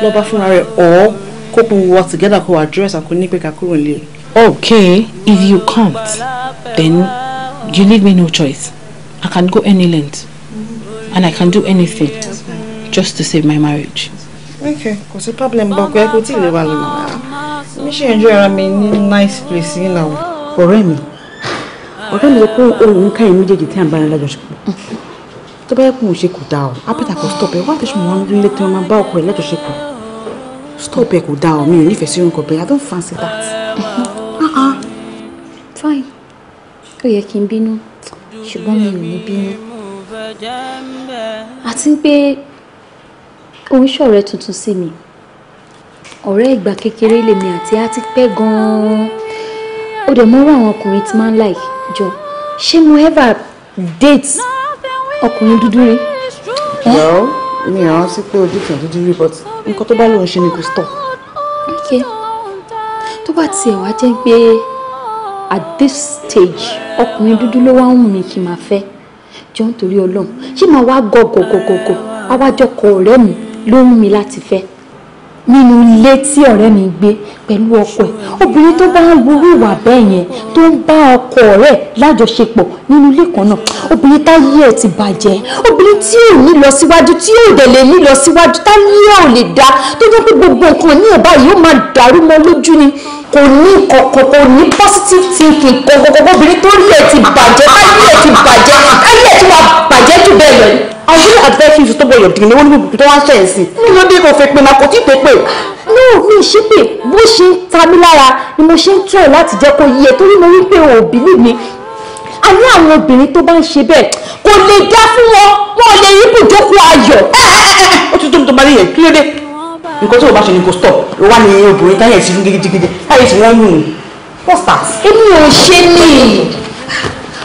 lọ́ba fúnra rẹ̀ ọ̀ọ́ kó kún work together kó address and kó ní pé ká kúrò nílé. okay if you can't then you leave me no choice i can go any length and i can do anything just to save my marriage. okay kò sí problem bọ̀ pé kò tí ì lè wà lọ́wọ́ mi ṣe enjoy ara mi ní nice place yìí náà. ọ̀rẹ́ mi ọ̀rẹ́ mi kó ohun ká ẹ̀ méjèèjì tí à ń bá ní lájọṣepọ̀ tó bá yẹ kó ń ṣe kò dáa o á bẹ̀tà kó stop ẹ̀ wá tẹ̀sán wọn lé tí wọ́n máa bá ọkọ ẹ̀ lájọṣepọ̀ stop ẹ kò dáa ọ mi ò nífẹ̀ẹ́ sí orúkọ I don't fancy that. Uh fine ó yẹ kí n bínú ṣùgbọ́n mi me ní bínú àti pé òun ṣọ̀rẹ́ tuntun to see me. ìgbà kékeré lèmi àti á ti pẹ́ gan-an ó dẹ̀ mọ́rọ́ àwọn ọkùnrin tí máa man like Joe. She mo ever date ọkùnrin dúdú rí mi rántí pé ojú kan tó ti rí but nǹkan tó bá lóun ṣe ni kò stop. ok tó bá tiẹ̀ wá jẹ́ pé at this stage ọkùnrin dúdú ló wá ń wù mí kí n máa fẹ́ jọ nítorí ọlọ́run ṣé màá wá gọ̀gọ̀gọ̀gọ̀ àwájọkọ̀ ọ̀rẹ́ mi ló ń mi láti fẹ́ nínú ilé tí ọ̀rẹ́ mi gbé pẹ̀lú ọkọ ẹ̀ obìnrin tó bá ń wúrú ìwà bẹ́ẹ̀ yẹn tó ń bá ọkọ rẹ̀ lájọṣepọ̀ nínú ilé kan náà obìnrin táyé ẹ̀ ti bàjẹ́ obìnrin tí ò ní lọ síwájú tí ò dẹ̀ lè ní lọ síwájú táyé ẹ̀ ò lè dá tó jẹ́ pé gbogbo nǹkan ní ẹ̀ báyìí ó máa dàrú mọ́ lójú ni kò ní kọ̀kọ̀ kò ní positive thinking kọ̀kọ̀kọ̀ obìnrin tó rí ẹ̀ ti bàjẹ́ táyé ẹ̀ ti bàjẹ́ táyé ẹ̀ ti wà bàjẹ́ jù bẹ́ẹ̀ lọ I really advise you to stop what you're doing. Only people don't want to see. No, no, they go fake me. Na kò tí pépè. No, mi ṣe pé bó ṣe ń ta mí lára ni mo ṣe ń try láti jẹ́ kó yé torí mo wí pé o believe me. A ní àwọn obìnrin tó bá ń ṣe bẹ́ẹ̀ kò lè dá fún wọn. Wọ́n lè rí bùjókòó ayọ̀. Eh, eh, eh, Ó ti tó mi tó bá rí yẹn kí ló dé? Nǹkan tí o bá ṣe ni kò stop. O wá ní obìnrin táyà ìṣirú gidigidi. Táyà ìṣirú wọn yùn. What's that? Èmi ò ṣe ni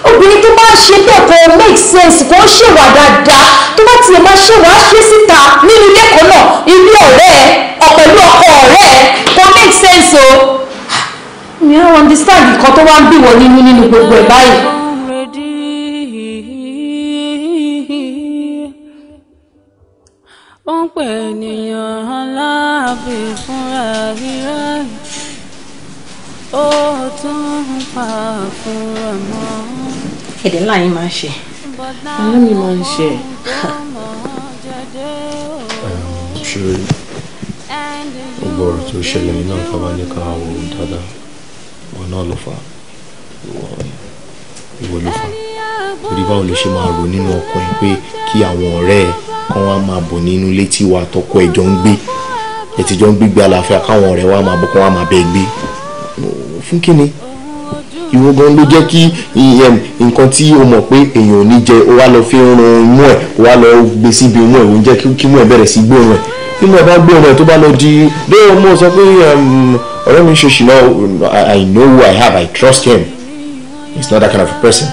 obìnrin tó bá ń ṣe bẹ́ẹ̀ kò make sense kò ń ṣèwà dáadáa tó bá tiẹ̀ máa ṣèwà ṣe síta nínú ilé kan náà ilé ọ̀rẹ́ ẹ̀ ọkọ ọ̀rẹ́ kò make sense o. mi ò understand nǹkan tó wá ń bìwọ̀ nínú nínú gbogbo ẹ̀ báyìí. ó ń pè ènìyàn aláàbì fúnra rírẹ́ ó tún ń pa fúnra mọ́ ẹ̀dẹ̀ ńlá yín máa ń ṣe. inú mi máa ń ṣe. ṣeré gbogbo ọ̀rọ̀ tó ṣẹlẹ̀ iná ìfọwọ́ ní ká wò ó dáadáa wọn náà ló fà ìwọ ló fà torí báwo ló ṣe máa rò nínú ọkàn ẹ pé kí àwọn ọ̀rẹ́ ẹ kán wá máa bọ̀ nínú ilé tí ìwà ẹ jọ ń gbé ẹ ti jọ ń gbégbé àlàáfíà káwọn ọ̀rẹ́ wa máa bọ̀ kán wá máa bẹ́ẹ̀ gbé fún kí ni ìwọ gan ló jẹ́ kí nǹkan tí o mọ̀ pé èèyàn ò ní jẹ o wá lọ fi rún imú ẹ̀ o wá lọ gbé síbi imú ẹ̀ o ń jẹ́ kí imú ẹ̀ bẹ̀rẹ̀ sí gbóòórùn ẹ̀ bí mo bá gbóòórùn ẹ̀ tó bá lọ di dé mo sọ pé ọ̀rẹ́ mi ṣe ṣìnà I know who I have I trust him he's not that kind of a person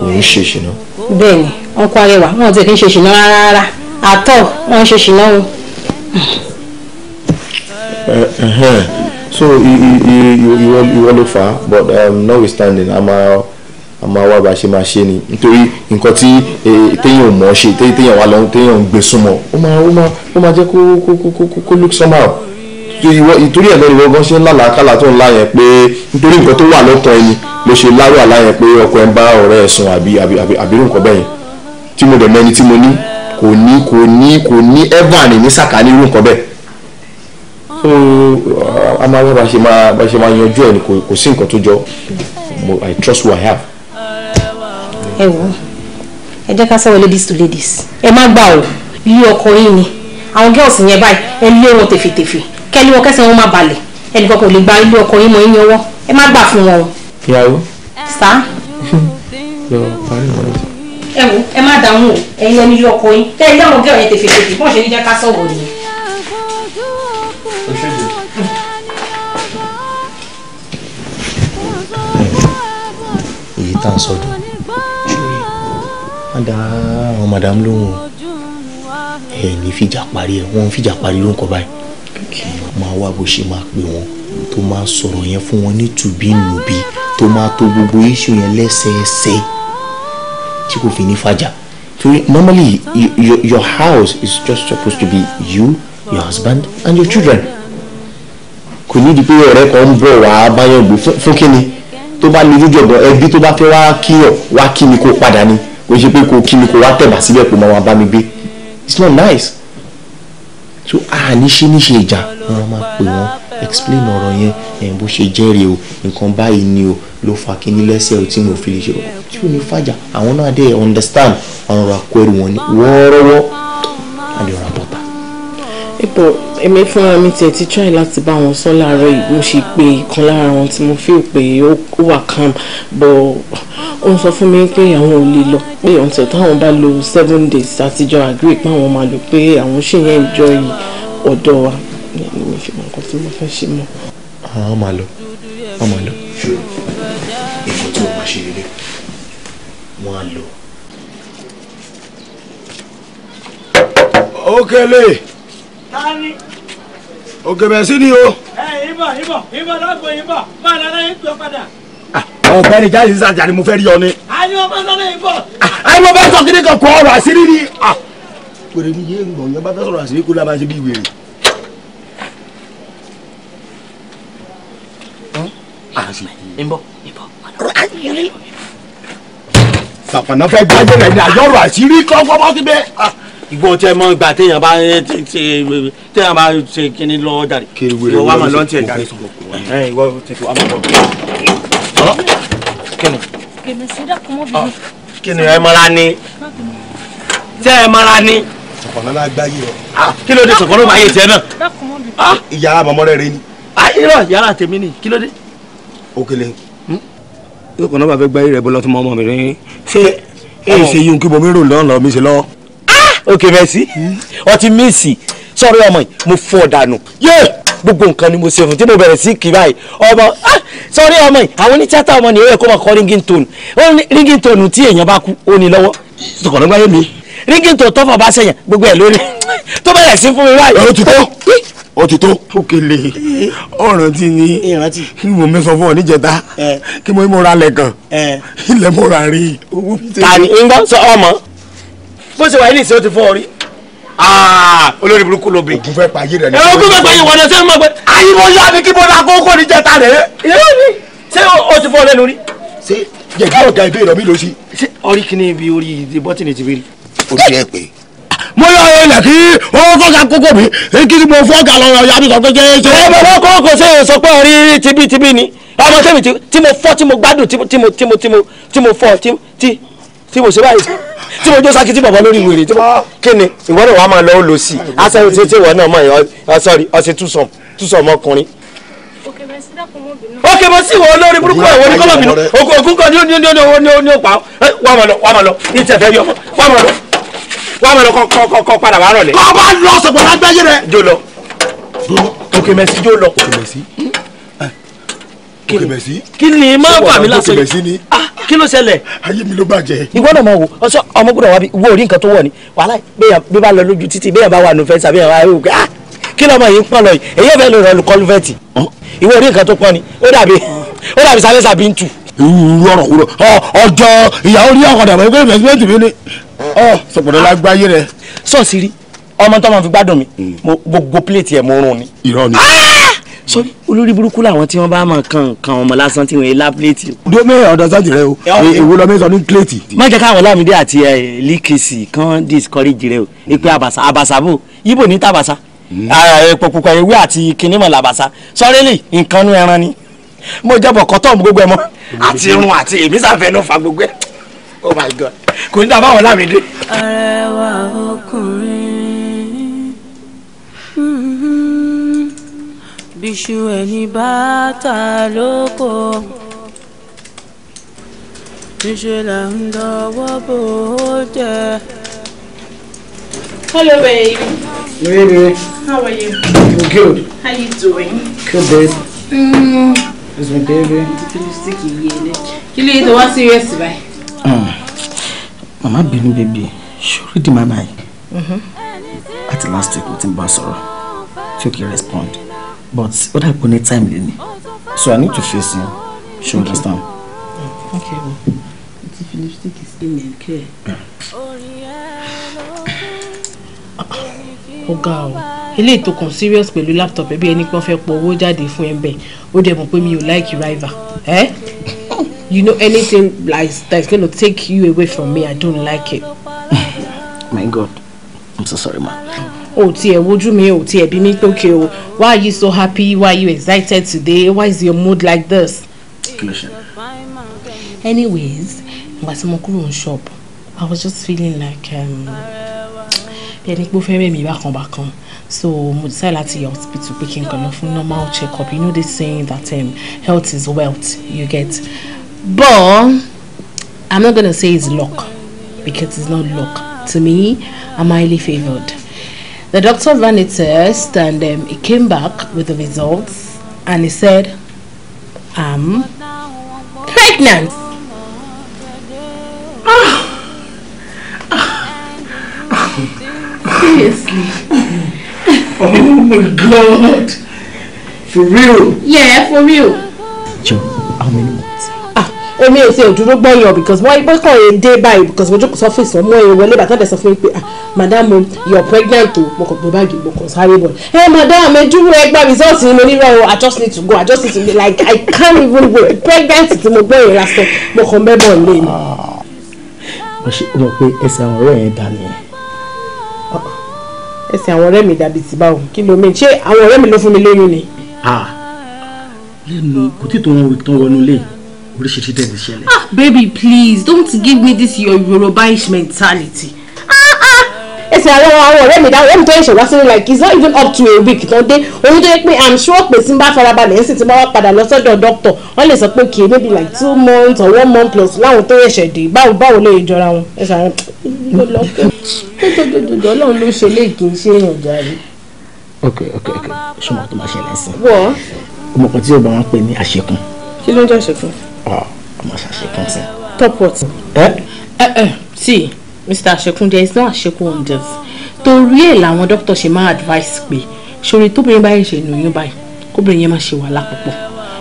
kò ń ṣe ṣìnà. bẹ́ẹ̀ni wọn kọ arẹwà wọn ti kí ń ṣe ṣìnà rárá àtọ wọn ṣe ṣìnà o. Eh, eh, eh so you you you you ló fà á but um, notwithstanding a máa a máa wá bá a ṣe máa ṣe ni nítorí nǹkan tí e, téèyàn ò mọ̀ ṣe téèyàn wà lọ́hún téèyàn ń gbé súnmọ́ ó máa ó máa ó máa jẹ́ kó kó kó kó look somehow ìtorí ẹ̀ lọ́rùn wọ́n ṣe ń lálàákàlà tó ń la yẹn pé nítorí nǹkan tó wà lọ́kàn ẹni ló ṣe lárò àlá yẹn pé ọkọ ẹ ń bá ọ̀rẹ́ ẹ̀ sùn àbí àbírú nǹkan bẹ́yẹn tí mo dẹ̀ mẹ́ni tí mo ní kò ní kò ní kò ní ever ní ní sàkání irú nǹkan bẹ́ẹ̀ so a máa wá bá ṣe máa bá ṣe máa yanjú ẹ̀ ni kò sí nǹkan tó jọ i trust who i have. ẹ wo ẹ jẹ́ ká sọ̀rọ̀ ladies to ladies ẹ má gbà o ilé ọkọ yín ni àwọn girls yẹn báyìí ẹ lé wọn tèfètèfè kẹ́lí wọn kẹ́sẹ̀ wọn má balẹ̀ ẹnìkan kò lè gba ilé ọkọ yín mọ́ yín ẹ má gbà fún wọn o. ìyàwó. sá. ẹ wo ẹ má dààmú o ẹ̀yin ẹni ilé ọkọ yín kẹ́ ẹ lé àwọn girls yẹn tèfètèfè bọ́n ṣe ní jẹ́ ká sọ̀rọ̀ ni. tá à ń sọdún àwọn madam lóhùn ẹ fìjà parí ẹ wọn fìjà parí ló ń kọ báyìí máa wá bó ṣe máa pè wọn tó máa sọ̀rọ̀ yẹn fún wọn ní tùbínùbí tó máa tó gbogbo iṣu yẹn lẹ́sẹẹsẹ tí kò fi ní fàjà torí normally your, your house is just supposed to be you your husband and your children kò ní di pé ọ̀rẹ́ kan ń bọ̀ wá báyọ̀ gbé fún kí ni tó bá lè lójọ̀gbọ́n ẹbí tó bá fẹ́ wá kí ọ̀ wá kí mi kó padà ni kò ṣe pé kò kí mi kó wá tẹ̀bà síbẹ̀ kó máa wá bá mi gbé it's not nice so a níṣe níṣe ìjà wọn máa pè wọn explain ọ̀rọ̀ yẹn ẹ̀yìn bó ṣe jẹ́rìí o nǹkan báyìí ni o ló fa kíní lẹ́sẹ̀ o tí mo fi lè ṣe o tí o ní fàjà àwọn náà dé understand ọ̀rọ̀ àkọẹ̀rù wọn ni wọ́ọ́rọ́wọ́ ipò èmi fúnra mi tiẹ̀ ti try láti bá wọn sọ láàárọ̀ yìí mo ṣe pé ìkan lára wọn tí mo feel pé ó wà calm but ó ń sọ fún mi pé àwọn ò lè lọ pé until táwọn bá lò seven days àtijọ́ agree pé àwọn máa lò pé àwọn ṣì yẹn enjoy ọ̀dọ̀ wa ni mi fi mọ nǹkan tí mo fẹ́ ṣe mọ́. àwọn máa lọ wọn máa lọ. ṣùgbọ́n tí wọ́n máa ṣe lélẹ̀ wọ́n á lọ. ó kẹ́lẹ́. Okay, tani. ògèbè sí ni o. ẹ ìbọn ìbọn ìbọn lọ́gbọ̀n ìbọn máa lọ lẹ́yìn tó padà. ọ̀pẹ ni jáde sísan jáde mo fẹ́ rí ọ ni. àyè ọmọ sọlá ìbọn. àyè ọmọ bá sọ kí ni kan kọ ọ̀rọ̀ àṣírí ni. wèrè ni yé ń gbọ̀n yẹn bá fẹ́ sọ̀rọ̀ àṣírí kó lábàá ṣe bí wèrè. sàfànà fẹ́ gbájẹ́ rẹ̀ ni àyọ̀rọ̀ àṣírí kọ́ fọ́fọ́ síbẹ̀ ìgbọ́ tẹ mọ ìgbà téèyàn bá ṣe téèyàn bá ṣe kíní lọ jàre. kiri wele wọ́n ma lọ́ntì ẹ̀ jàre sọ̀rọ̀ ẹ̀ ìwọ tètè wà á ma bọ̀. kíni. kèmí sídà kò mọ bìbí. kíni ẹ mara ni tẹ ẹ mara ni. sọ̀kànná náà gbáyé ọ. kí ló dé sọ̀kànná máa yé tiẹ̀ náà. ìyàrá mọ̀mọ́ rẹ̀ rẹ ni. irọ́ ìyàrá tèmi ni kí ló dé. Okele yóò kàn náà bá fẹ́ gbáyé rẹ̀ bọ́lá tó mọ́ ọmọ mi rí ṣé èyí ṣe yín kí bomi rò lọ́nà mi ṣe lọ́wọ́ ok merci ọtí míìsì sọ̀rọ̀ ọmọ yìí mo fọ́ dànù yé gbogbo nǹkan ni mo ṣe fún tí mo bẹ̀rẹ̀ sí kì báyìí ọmọ ah! sọ̀rọ̀ ọmọ yìí àwọn onítíátà ọmọ nìyẹn kó máa kọ ringington ringington tí èèyàn bá kú ó ní lọ́wọ́. sọkọ̀ lọ́gbà yé mi. ringington tọ́fọ̀ bá ṣẹ̀yàn gbogbo ẹ̀ lórí tó bẹ̀rẹ̀ sí fún mi báyìí. o ti tó ó ti tó. ó kele ọ̀ràn tí ni mo mi sọ fún ọ níjẹta kí mo mú ra lẹ̀ kàn ilẹ̀ mo ra rí. ta ni ń gbọ́ sọ ọmọ bó ṣe wà yìí nìṣẹ́ ó ti fọ́ ọ rí ah, olórí burúkú ló bẹ. ogun fẹ́ pa ayé rẹ ni. ogun fẹ́ pa ayé wọlé sẹ́yìn mọ̀ pé. ayíwọ yá ni kí bọ́lá kókó ni jẹta rẹ̀. ṣé o ti fọ́ ọ lẹ́nu rí. ṣé jẹ̀dí ọ̀gá ìbéèrè mi ló ṣe. ṣé orí kìíní bí orí bọ́tìnì ti bèrè. o ti ẹ pé mo yọ ọ ilẹ̀ kí owó fọ́gà kókó mi kí ni mo fọ́gà lọ́rọ̀ ya mi sọ pé kí ẹ ṣe. ẹ kókó ṣe é tí mo ṣe báyìí tí mo jó sákìtì bàbá lórí wèrè tí mo ah. kí ìwọ náà wàá máa lọ ó lọ sí i ah. aṣọ ìṣe tí ìwọ náà mọ ọ sọrí ọṣẹ túsàn túsàn ọmọkùnrin. òkè bọ́ sí ìwọ olórí burúkú ẹ̀wọ̀n ní kọ́lọ̀ bínú ògùn kan ní ó ní ó ní ó ní ó pa eh, wàá máa lọ wàá máa lọ ìtẹ̀fẹ́ yọ wàá máa lọ wàá máa lọ kọ́ padà wàá rọ̀lẹ́. kọ́ bá lọ sọ̀gbọ́n lágbáyé rẹ̀. jò lọ òkè mẹ́sì jò lọ. òkè mẹ́sì kòkèbẹ̀ sí. kí ni má bà mí lásán yìí ah, kí ló ṣẹlẹ̀. ayé mi ló bàjẹ́. ìwọ náà mọ̀ wò ọsọ ọmọ gbọ́dọ̀ wá bí wo orí nǹkan tó wọ̀ ni wàhálà bí bá lọ lójú títì bẹ́ẹ̀ bá wà nù fẹ́ǹsì àbí ẹ̀ wá rò pé ah kí lọ́mọ yìí ń pọ̀ lọ yìí èyí fẹ́ lè rọ lu kọ́lùfẹ́ẹ̀tì ìwọ orí nǹkan tó pọ̀ ni ó dàbí ó dàbí sálẹ̀ sàbí ń tù. irú ọ̀rọ̀ kúrò ọjọ́ ìyàwó ní ọ̀kadà bọ̀ ẹgbẹ́ ìfẹ̀síwẹ́tì mi ni sọ̀pọ̀dọ̀ lágbáyé rẹ̀. Ah, sọ́ọ̀sì rí ọmọ tó máa fi gbádùn mi hmm. gbogbo pléètì ẹ̀ mo rún ni. irọ́ ni. Ah! so olórí burúkú làwọn tí wọn bá mọ kan kan ọmọ lásán tí wọn yé lápléètì. domi ọ̀dọ́sájì rẹ o èwo lọ́mí sọ ní kílẹ̀tì. má jẹ́ káwọn lámìdé àti líkìsì kan discourage rẹ o èpè àbàṣà àbàṣà bò ibo ní tàbàṣà epo pupa ewé àti kìnnìmọ̀ làbàṣà sọ́rẹ́lì nǹkan nú ẹran ni mo jẹ́ bọ̀ kọ́tọ̀ mu gbogbo ẹ mọ́ àti irun àti èmi sàfẹ́nu fa gbogbo ẹ oh my god kò ní dàbáwọn lámìdé. ọ̀rẹ́ bíṣu ẹni bá ta lóko níṣẹ́ là ń dọwọ́ bò ó Hello, babe. Baby. How are you? good. How you doing? Good, babe. Mm. It's my baby. Kí ló yẹ tó wá serious báyìí? Mm. Màmá bínú bèbí, ṣorí di mama. yìí. Àti last week mo ti ń bá sọ̀rọ̀ tí ó kì í respond but what happened pé time Lenny? so i need to face him. she okay. understand. okay o ti fi lipstick sí mi kẹ. ọ̀gá o eléyìí tó kàn serious pẹ̀lú laptop ẹ̀ bí ẹni pé wọ́n fẹ́ pọ̀ owó jáde fún they ń me you dẹ̀ mọ̀ like rival. Eh? you know anything like that's going to take you away from me i don't like it my god i'm so sorry ma o tiẹ̀ wojú mi o tiẹ̀ bí mi tókè o why are you so happy why are you excited today why is your mood like this. anyways ìgbà tí mo kúrò ní shop i was just feeling like bí um, ẹni pé ó fẹ́ rẹ̀ mí bákan bákan so mo decide láti yẹ hospital pé kí n kàn fún normal check up you know they saying that um, health is wealth you get but i'm not gonna say it's luck because it's not luck to me i'm highly favoured. The doctor ran a test and um, he came back with the results and he said, I'm pregnant. Ah. Ah. Seriously. oh my god. For real? Yeah, for real. Joe, how many more? èmi ò tiẹ̀ dúró gbẹ̀yàn because wọ́n ibẹ̀ kàn ń dé báyìí because mo jókòó sọ́fíìsì ọmọ ẹ̀ wọlé bàtà dẹ̀ sọ fún mi pé ah madam o pregnant o mo kàn gbé báàgì mo kàn sáré bọ̀ ẹ madam ẹ dúró ẹ gba result mi mo ní rẹ i just need to go i just need to be like i can't even go pregnant tí mo gbọ́ ìrora sọ mo kàn bẹ́ bọ̀ lé mi. Ah, mo ṣe mo pe ẹsẹ̀ àwọn ọ̀rẹ́ yẹn dà mí. ẹsẹ̀ àwọn ọ̀rẹ́ mi dàbí ti báwo kí ló mean ṣé àwọn ọ̀rẹ́ mi ló fún mi lóyún ni. Ah, lẹ́nu kò tí tó wọn wí tán wọnú lé oríṣiríṣi dẹ̀ ti ṣẹlẹ̀. ah baby please don't give me this your yorubaish mentality. Ah, ah. ẹsẹ̀ àwọn àwọn ọ̀rẹ́ mi dáhùn ẹ̀mí tó ṣe wá sí like it's not even up to a week tó dé ohun tó yẹ pé i'm sure pé tí n bá farabalẹ̀ ẹ̀sìn tí n wá padà lọ sọ́dọ̀ doctor wọ́n lè sọ pé kì í maybe like two months or one month plus láwọn tó ẹ̀ṣẹ̀ dé báwo báwo lè jọra wọn ẹ̀ṣẹ̀ àwọn ọlọ́run ló ṣe lè kì í ṣe èèyàn jàre. ok ok ok ṣùgbọ́n tó máa ṣẹlẹ̀ sí kí ló ń jẹ́ ṣèkún. ọmọ ṣàṣekún sí. top what. ẹ ẹ ẹ see mr àṣekún there is no àṣekún on this torí ẹ̀ làwọn dókítà ṣe máa advice pé ṣòro tóbìnrin báyìí ṣe nù yín báyìí kóbìnrin yẹn má ṣe wàhálà púpọ̀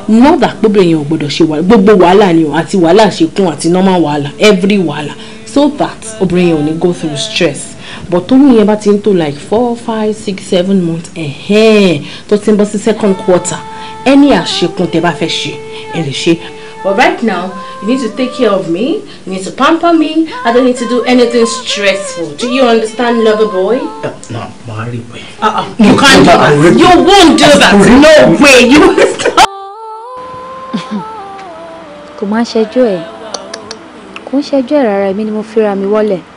nọ́ọ̀dà kóbìnrin yẹn ò gbọ́dọ̀ ṣe wàhálà gbogbo wàhálà ni o àti wàhálà àṣekún àti normal wàhálà every wàhálà so that obìnrin yẹn ò ní go through stress but tóyún yẹn bá ti ń tó like four five six seven months ẹ̀hẹ́n tó ti ń bọ́ sí second quarter any àṣekún tẹ́ bá fẹ́ ṣe ẹ lè ṣe. But right now, you need to take care of me, you need to pamper me, I don't need to do anything stressful. Do you understand, lover boy? Uh, no, Mari. Uh, uh, you can't do that. You won't do that. No way. You will stop. Kò máa ń ṣẹjọ́ ẹ̀. Kò ń ṣẹjọ́ ẹ̀ rárá, èmi ni mo fira mi wọ́lẹ̀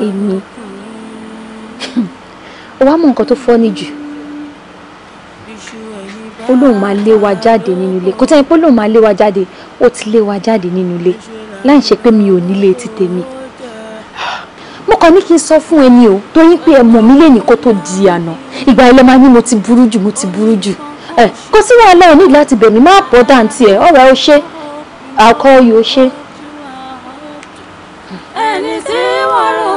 èmi ó wá mọ nǹkan tó fọ́ ní jù ó lóun máa lé wa jáde nínú ilé kò tẹ́yìn pé ó lóun máa lé wa jáde ó ti lé wa jáde nínú ilé láì ṣe pé mi ò nílé ti tèmi mo kàn ní kí n sọ fún ẹni o tó yín pé ẹ mọ̀ mí lè ní kó tó di àná ìgbà ilẹ̀ máa ní mo ti burú jù mo ti burú jù ẹ kò sí wàhálà ò ní láti bẹ̀ mí má bọ́ dáǹtì ẹ ọ̀rọ̀ ẹ ṣe àkọ́ yìí ó ṣe. ẹni tí wọ́n rò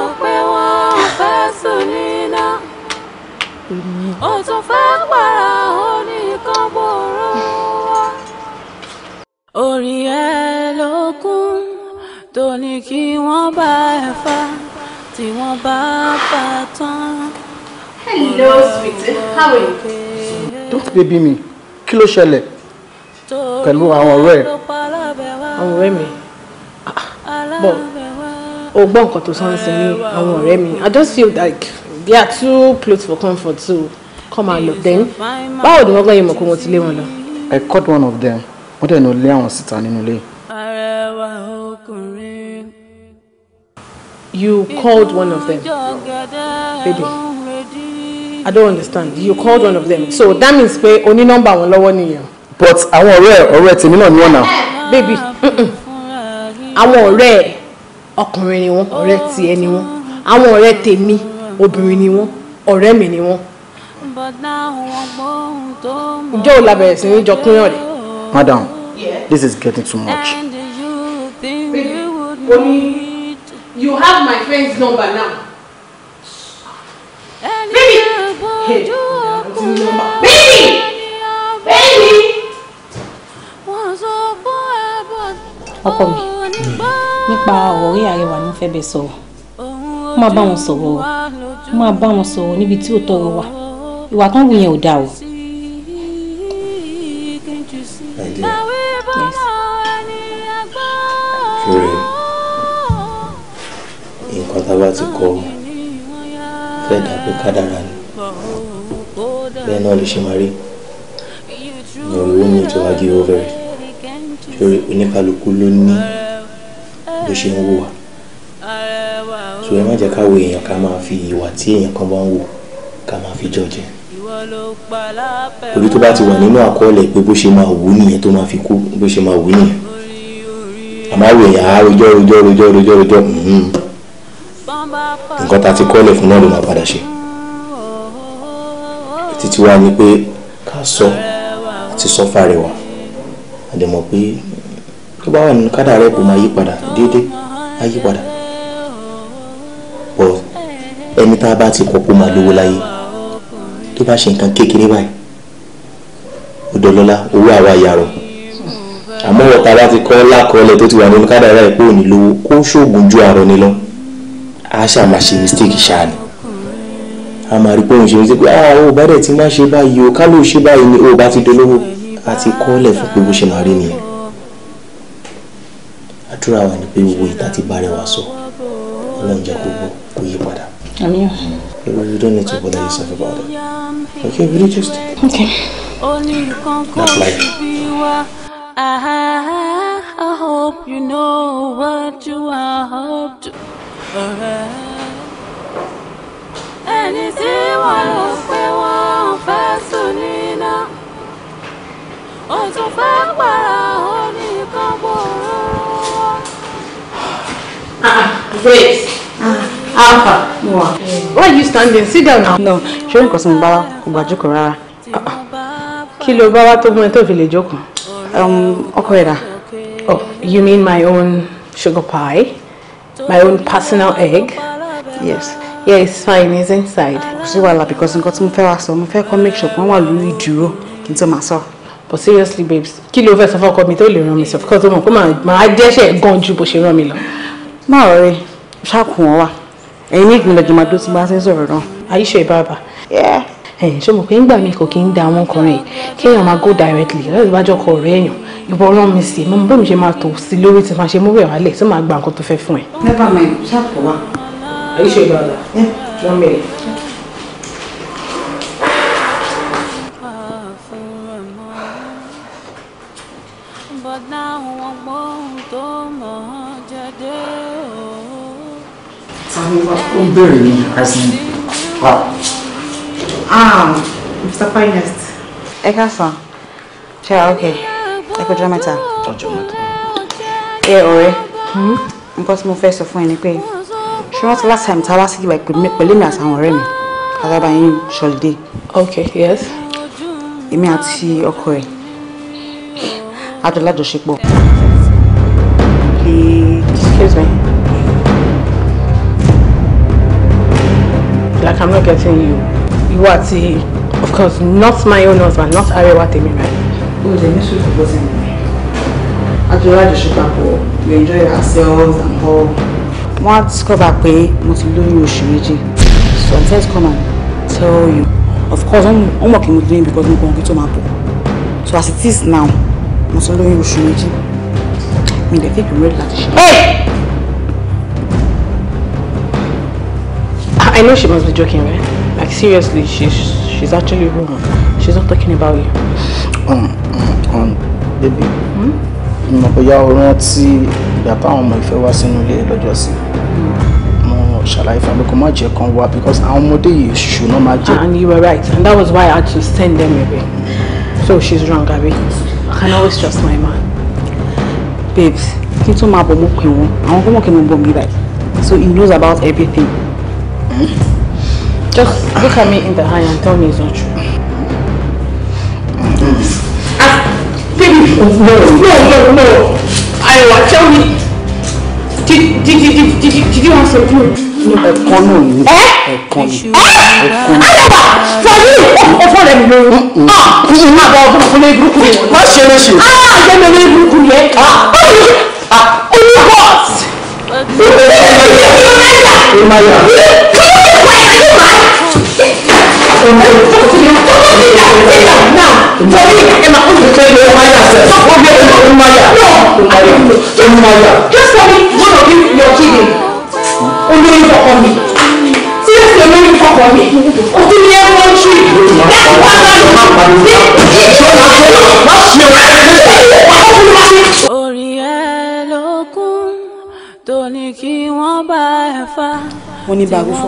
ó tún fẹ́ para ó ní kọ́bọ̀rọ̀ wá. orin ẹ ló kún tó ní kí wọ́n bá ẹ fa tí wọ́n bá fa tán. hello sweetie how are you. don't baby me kí ló ṣẹlẹ̀ pẹ̀lú àwọn ọ̀rẹ́ ẹ̀. àwọn ọ̀rẹ́ mi bọ̀ o gbọ́ nǹkan tó sọ ń sin ní àwọn ọ̀rẹ́ mi i just feel like they are too close for comfort too. So. Come máa lọ then báwo ni wọ́n gbọ́ yẹn mọ̀ pé mo ti lé wọn lọ. I caught one of them wọ́n dẹ̀ ní lé àwọn síta nínú ilé. arẹwà You called one of them baby I don't understand you called one of them so that means pé o number nọ́mbà wọn lọ́wọ́ But àwọn ọ̀rẹ́ ọ̀rẹ́ tèmi náà ni wọ́n nà. Baby àwọn ọ̀rẹ́ ọkùnrin ni wọ́n ọ̀rẹ́ tiẹ̀ ni wọ́n àwọn ọ̀rẹ́ tèmi obìnrin ni wọ́n ọ̀rẹ́ mi ni wọ́n ìjọ ò labẹ̀rẹ̀ sí ní jọ madam this is getting too much. baby you have my friend's number now. baby hey, baby baby. okay, mi nípa ọ̀rẹ́ àrẹwà ní fẹ́ bẹ́ẹ̀ sọ̀rọ̀ máa bá wọn sọ̀rọ̀ máa bá wọn ni níbi tí òótọ́ rẹ wà ìwà tó ń wù yẹn ò dáa o. fúre nǹkan tá a bá ti kọ fẹ́ dà pé kádàrá ni bẹ́ẹ̀ náà ló ṣe máa rí ní olówó ní ìjọba gé ọ̀rẹ́ rẹ̀ torí oníkálukú ló ní bó ṣe ń wò wá ṣùgbọ́n má jẹ́ káwọ èèyàn ká máa fi ìwà tí èèyàn kan bá ń wò ká máa fi jọ jẹ́ torí tó bá ti wà nínú àkọọ́lẹ̀ pé bó ṣe máa wù ú nìyẹn tó máa fi kú bó ṣe máa wù ú nìyẹn àmàwò èèyàn á rojọ́ rojọ́ rojọ́ rojọ́ rojọ́ mhm. nǹkan tá a ti kọ́lẹ̀ fún náà ló máa padà ṣe títí wá ni pé ká sọ àti sọ́fà rẹ̀ àdèmọ̀ pé tó bá wà nínú kádà rẹ̀ kò máa yí padà déédéé á yí padà ẹni tá a bá ti kọ́ kó máa lówó láyé tó bá ṣe nǹkan kékeré báyìí odò lọ́la owó àwa ìyàrọ̀ àmọ́ ọ̀tá bá ti kọ́ lákọọ́lẹ̀ tó ti wà nínú kádàrá ìpò òní lówó kó ṣoògùn ju àrọ̀ ni lọ a ṣáà máa ṣe mistake ṣáà ni a máa rí pé òun ṣe mí sí pé ah o bá dẹ̀ ti máa ṣe báyìí o ká ló ṣe báyìí ni o bá ti dolówó a ti kọ́lẹ̀ fún pé bó ṣe máa rí nìyẹn àdúrà wa ni pé gbogbo ìta ti bá rẹwà sọ ọlọ́run jẹ́ gbogbo kó yí padà. àmín. You don't need to bother yourself about it. Okay, will you just... Okay. Not like... I hope you know what you are up to. Ah, great. Ah. Alpha, Mua. Why are you standing? Sit down now. No, ṣé nǹkan sọ̀rọ̀ bá kò gbàjókò rárá. Ah, ah. Kí ló bá wá tó fún ẹ tó fi lè um, Oh, you mean my own sugar pie? My own personal egg? Yes. Yeah, it's fine. It's inside. Kò sí wàhálà because nǹkan tí mo fẹ́ wá sọ, mo fẹ́ kọ́ make sure pé wọ́n wà lórí ìdúró kí But seriously babes, kill your fẹ́ sọ fọ́kọ mi tó lè ràn mí sọ? Because mo mọ̀ pé màá dẹ́ṣẹ̀ gan ju bó ṣe ràn mí lọ. Má ọ̀rẹ́, ṣáà kù ẹ̀yin ní ìpínlẹ̀ jọmọ tó ti bá ṣe sọ̀rọ̀ náà. àyíṣọ ìbáàbà. ṣé mo pé ń gbà mí kò kí ń da àwọn ọkùnrin kéèyàn máa go directly lọ́dọ̀ bá jọkọ̀ ọ̀rẹ́ èèyàn ìbọn ọlọ́run mi sì mo mọ bẹ́ẹ̀ mi ṣe máa tò sí lórí ti máa ṣe mú bẹ̀rẹ̀ wálẹ̀ tí màá gba nǹkan tó fẹ́ fún ẹ. never mind ṣàkóbá àyíṣọ ìbáàbà. ń bèrè mi àìsàn wa. Ah. Ah, Mr. Finest. ẹ káàsán ṣe ra ok ẹ kọjọ mẹ́ta. ọjọ́ mẹ́ta. ẹ ọ̀rẹ́ nǹkan tí mo fẹ́ sọ fún ẹ ni pé ṣé wọ́n ti last time tá a wá sí ìgbà pẹ̀lú èmi àtàwọn ọ̀rẹ́ mi alábàá yín ṣọlidé. ok yes. èmi àti ọkọ ẹ̀ adọ́lájọṣepọ̀. excuse me. like I'm not getting you. You are the, of course, not my own husband, not Arewa Temi, right? Oh, the mystery of what's I do like the should have We enjoy ourselves and all. Once á discover pé mo do lóyún oṣù So I just come and tell you. Of course, I'm working with him because I'm going to my pool. So as it is now, mo ti lóyún oṣù méjì. think lè fi ìpínlẹ̀ láti ṣe. Hey! I know she must be joking, right? Like seriously, she's she's actually home. She's not talking about you. Um, um, um baby. Hmm. bóyá o rántí ìgbà táwọn ọmọ ìfẹ́ wá sínú ilé lọ́jọ́ sí. Mo ṣàlàyé fún mi kó má because àwọn ọmọdé yìí ṣùnà máa jẹ. And you were right and that was why I had to send them away. So she's wrong, Abi. I can always trust my man. Babes, kí n tún máa bọ̀ mọ́ pé wọn, àwọn kọ́mọ̀kẹ́ mi báyìí. So he knows about everything. Just look at me in the eye and tell me it's not true. Ah, Baby, no, no, no, no. Ayiwa, tell me. Did, did, did, did, did, did you want something? ẹ̀kan náà ni ẹ̀kan ni ẹ̀kan ni. àyẹ̀wò fọyín ọ̀fọ̀ rẹ̀ ló ń bá bọ̀ burúkú lé burúkú yẹn. má ṣe lè ṣe. á jẹ́ mi lé burúkú yẹn. báyìí olú bọ́ọ̀sì. ìmáyà. ìmáyà. ìmáyà. Just tell me, you're kidding. Olórí fọkàn mi. Seriously, olórí fọkàn mi. Òtí mi ẹ wọ́n tú. Ẹ wá lọ́dún. Ṣọlá Ṣọlá ní bàbá fún mi ní àgbọ̀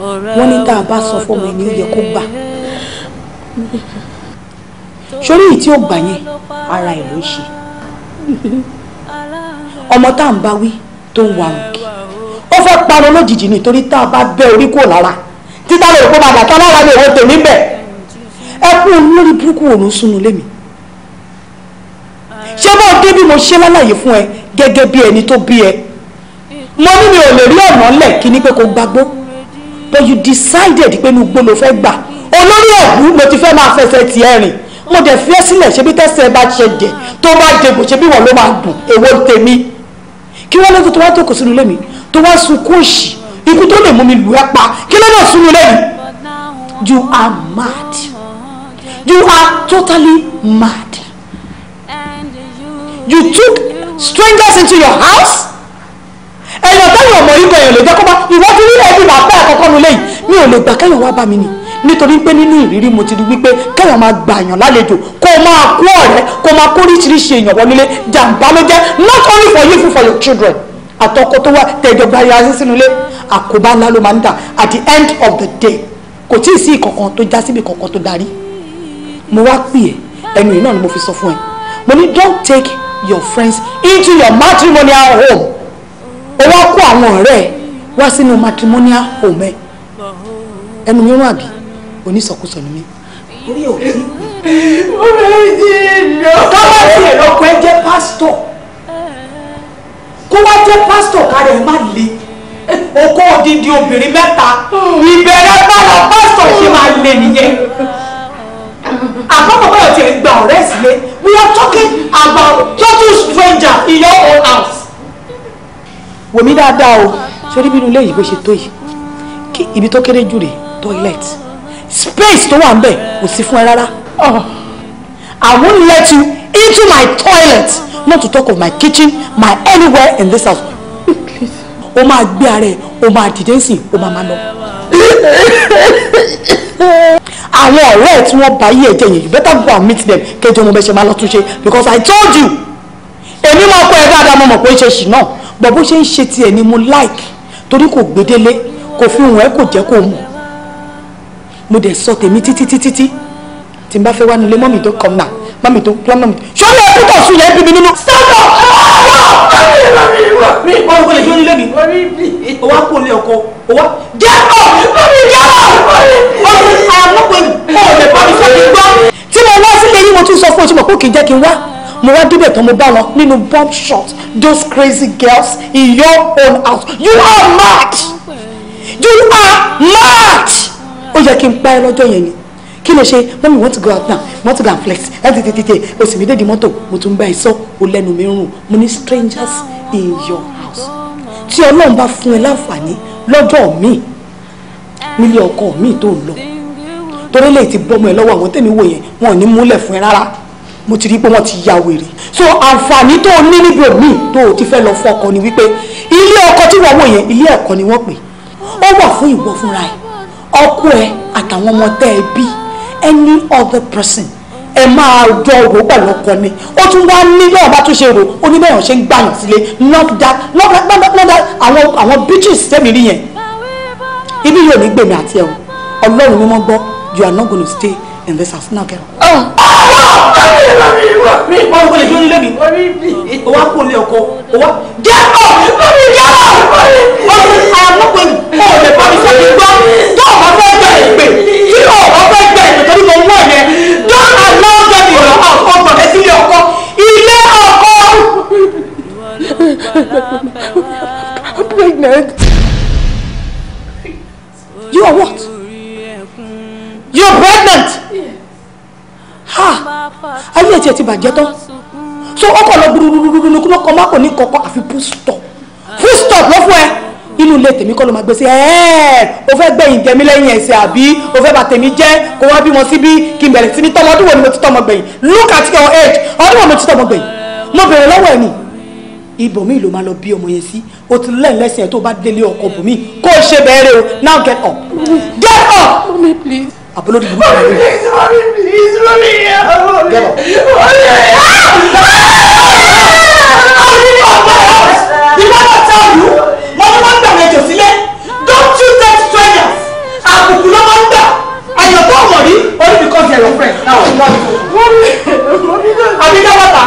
wọ́n ní tá a bá sọ fọmọ ẹni ó yẹ kó gbà sórí èyí tí ó gbà yẹn ara ẹ̀ ló ń ṣe ọmọ tá à ń bá wí tó ń wa òkè ó fẹ́ parọ́ lójijì nítorí tá a bá bẹ́ orí kò lára títà lè kó padà tán lára ní òun tèmi bẹ̀ ẹ kú olórí burúkú òun súnú lémi ṣé bá o bí mo ṣe lálàyé fún ẹ gẹ́gẹ́ bí ẹni tó bí ẹ mo ní mi ò lè rí ọ̀nà lẹ̀ kí ni pé kò gbàgbọ́ but you decided pé inú gbó ló fẹ́ gbà olórí ẹ̀gbú ló ti fẹ́ máa fẹsẹ̀ tì ẹ́ rìn mo dẹ̀ fi ẹ́ sílẹ̀ ṣebí tẹ́sẹ̀ bá ṣe jẹ tó bá dẹ̀gbò ṣebí wọ́n ló máa dùn èwo tèmi kí wọ́n lọ́dún tó wá tókò sínú ilé mi tó wá sunkún òṣì ikú tó lè mú mi lù ẹ́ pa kí lọ́dún sínú ilé mi you are mad you are totally mad you took strangers into your house ẹ̀yàn táwọn ọmọ yìí bẹ̀yàn lè jẹ́ kó bá ìwọ́n ti rí ẹbí bàbá eléyìí mi ò lè gbà kẹ́yàn wá bá mi nì nítorí pé nínú ìrírí mo ti rí wípé kẹ́yàn máa gbàyàn lálejò kó máa kó ọ̀rẹ́ kó máa kó oríṣiríṣi èèyàn wọlé jàǹbá ló jẹ́ not only for you for your children àtọkọ tó wà tẹjọ gbáyé ayé sínú ilé àkóbá ńlá ló máa ń dà at the end of the day kò tí ì sí ìkọ̀kan tó já síbi ìkọ̀kan tó darí mo wá pè ẹ́ ẹnu yìí náà ni mo fi sọ fún ẹ mo ní don't take your friends into your matrimonial home ó wá kó àwọn ọ̀rẹ́ wá sínú matrimonial home ẹ ẹnu mi rún àbí onísọkúsọ ni mí. orí ò kí. ó bẹ̀rẹ̀ ìdí èlò. káwá sí ẹ̀ lọ́kọ̀ ẹ jẹ́ pásítọ̀ kó wá jẹ́ pásítọ̀ kárẹ̀ ẹ má le okó odindi obìnrin mẹ́ta ìbẹ̀rẹ̀ bára pásítọ̀ ṣe máa le nìyẹn àkọ́kọ́ báyọ̀ tiẹ̀ gba ọ̀rẹ́ sílé we are talking about total stranger in your own house. wò mí dáadáa o sórí bínú ilé yìí bó ṣe tó yìí ibi tó kéré jù rèé toilet space tó wà ń bẹ̀ kò sí fún ẹ rárá. Oh. I won't let you into my toilet not to talk of my kitchen my anywhere in this house. o máa gbé ara ẹ o máa dìde sí i o máa máa lọ. àwọn ọ̀rẹ́ ẹ̀ tí wọ́n bá yí ẹ̀jẹ̀ yẹn you better go and meet them kẹjọ mo bẹ ṣe máa lọ túnṣe because I told you èmi máa kọ́ ẹ dáadáa mo mọ̀ pé ó ṣe ṣì náà bọ̀ bó ṣe ń ṣe tiẹ̀ ni mo like torí kò gbedele kò fi hùn ẹ́ kò jẹ́ kó mọ̀ mo dẹ̀ sọ tèmi títí títí tí tí n bá fẹ́ wá nílé mọ́mì tó kọ́ náà mọ́mì tó kọ́ mọ́mì ṣọ́lẹ̀ ẹ̀kú tó sùn yẹn bíbí nínú. sọ́dọ̀ mi ò wọ lè jóni lẹ́bi o wa kó lé ọkọ o wa jẹ́ ọ̀ jẹ́ ọ̀ ọ̀rẹ́ àmọ́pẹ́ ọ̀ lè bá mi sọ́dọ̀ gbọ́. tí mo wá sílé yìí mo tún sọ fún oṣù mọ̀ kì í jẹ́ kí n wá mo wá débẹ̀ tán mo bá wọn nínú bomb shot those crazy girls in your own house you are mad you are mad ó yẹ kí n pa ẹ lọ́jọ́ yẹn ni kí lè ṣe mọ́mí wọ́n ti go out now wọ́n ti go and flex láti tètè tètè oṣù mi dédìí mọ́tò mo tún bá ẹ sọ o lẹ́nu mi rùn mo ní strangers in your house tí ọlọ́run bá fún ẹ láǹfààní lọ́jọ́ mi nílé ọkọ mi tó ń lọ torí lè ti bọ́mọ ẹ lọ́wọ́ àwọn tèmi wò yẹn wọn ò ní múlẹ̀ fún ẹ rárá mo ti rí pé wọ́n ti ya wèrè so àǹfààní tó o ní níbi òmíì tó o ti fẹ́ lọ fún ọkọ ni wípé ilé ọkọ tí wọ́n wò yẹn ilé ẹ̀kọ́ ni wọ́n pè ó wà fún ìwọ fúnra ẹ̀ ọkọ ẹ àtàwọn ọmọ tẹ́ ẹ bí any other person ẹ máa jọ rò pẹ̀lú ọkọ ni ó tún wá ní lọ́wọ́ bá tún ṣe rò oníbẹ̀yàn ṣe ń gbàyàn sílé not that not that not that not that àwọn àwọn Bitches. tẹ́mi rí yẹn ibi yóò ní gbèmí àti ẹ̀ o ọlọ́run ni wọ́n gbọ́ you are not gonna stay in this house now girl. mi ò wá kó lé ọkọ o wá jẹ́ ọ̀ mi ò jẹ́ ọ̀. bàjẹ́ tán so ó kọ̀ lọ gbúdúgbúdúgbúdú ní kúlọ́kọ̀ má kò ní kọ̀kọ́ àfi full stop full stop ló fún ẹ inú ilé tèmi kọ́ ló máa gbé sí ẹ́ẹ̀ o fẹ́ gbẹ̀yìn jẹ́mi lẹ́yìn ẹ̀sẹ̀ àbí o fẹ́ bà tèmi jẹ́ kó wá bímọ síbí kí n bẹ̀rẹ̀ sí ní tọ́mọ ọdún wo ni mo ti tọ́mọ gbẹ̀yìn look at your age ọdún wo mo ti tọ́mọ gbẹ̀yìn mo bèrè lọ́wọ́ ẹ̀ ni ibòmíì ló máa lọ bí ọmọ yẹn sí o ti lẹ́yìn lẹ́sìn ẹ̀ tó bá délé ọkọ bòmíì kó o ṣe bẹ̀rẹ̀ o now get up get up. àbúrò dìbò bẹ̀rẹ̀ rẹ̀. He's running out. Get up. Did I not tell you? Wọ́n ní wọ́n ń gbàgbé jò sílẹ̀. Don't you take strangers. Àbùkù ló máa ń gbà. Àyàn tó wọ̀ rí only because they are your friend. Now you want to. Àbí dá bàtà.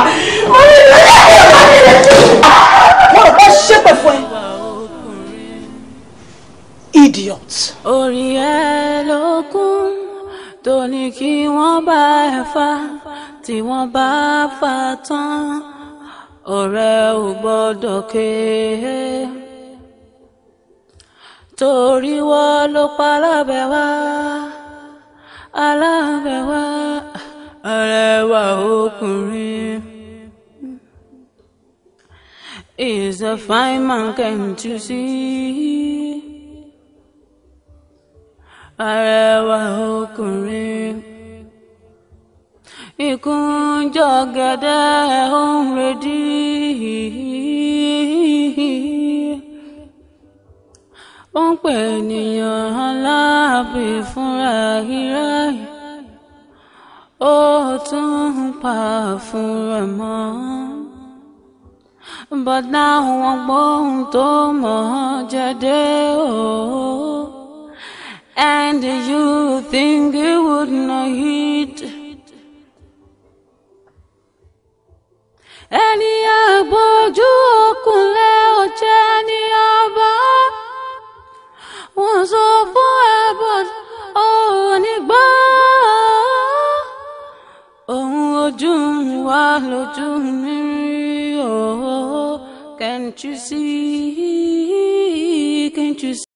Wọ́n rò pé ṣépè fún ẹ. Idiot. Orí ẹ ló kún tó ní kí wọ́n bá ẹ fà tí wọ́n bá fà tán ọ̀rẹ́ ò gbọ́dọ̀ ké torí wọ́n ló pa lábẹ́ wá alábẹ́ wá arẹwà ọkùnrin. Is a fine man came to see. ààrẹ arẹwà ọkùnrin. ìkúnjọ gẹ̀dẹ̀ ó ń redí. ó ń pè ènìyàn aláàbì fúnra ire. ó tún ń pa fúnra mọ́. But now I'm going to my jade oh. And you think it would not hit Ẹni àgbójú òkunlé ọ̀jẹ̀ ni ọba Wọ́n sọ fún ẹ but òní gbọ́ Òun ojú mi wá lójú mi rí oh, Can't you see, can't you see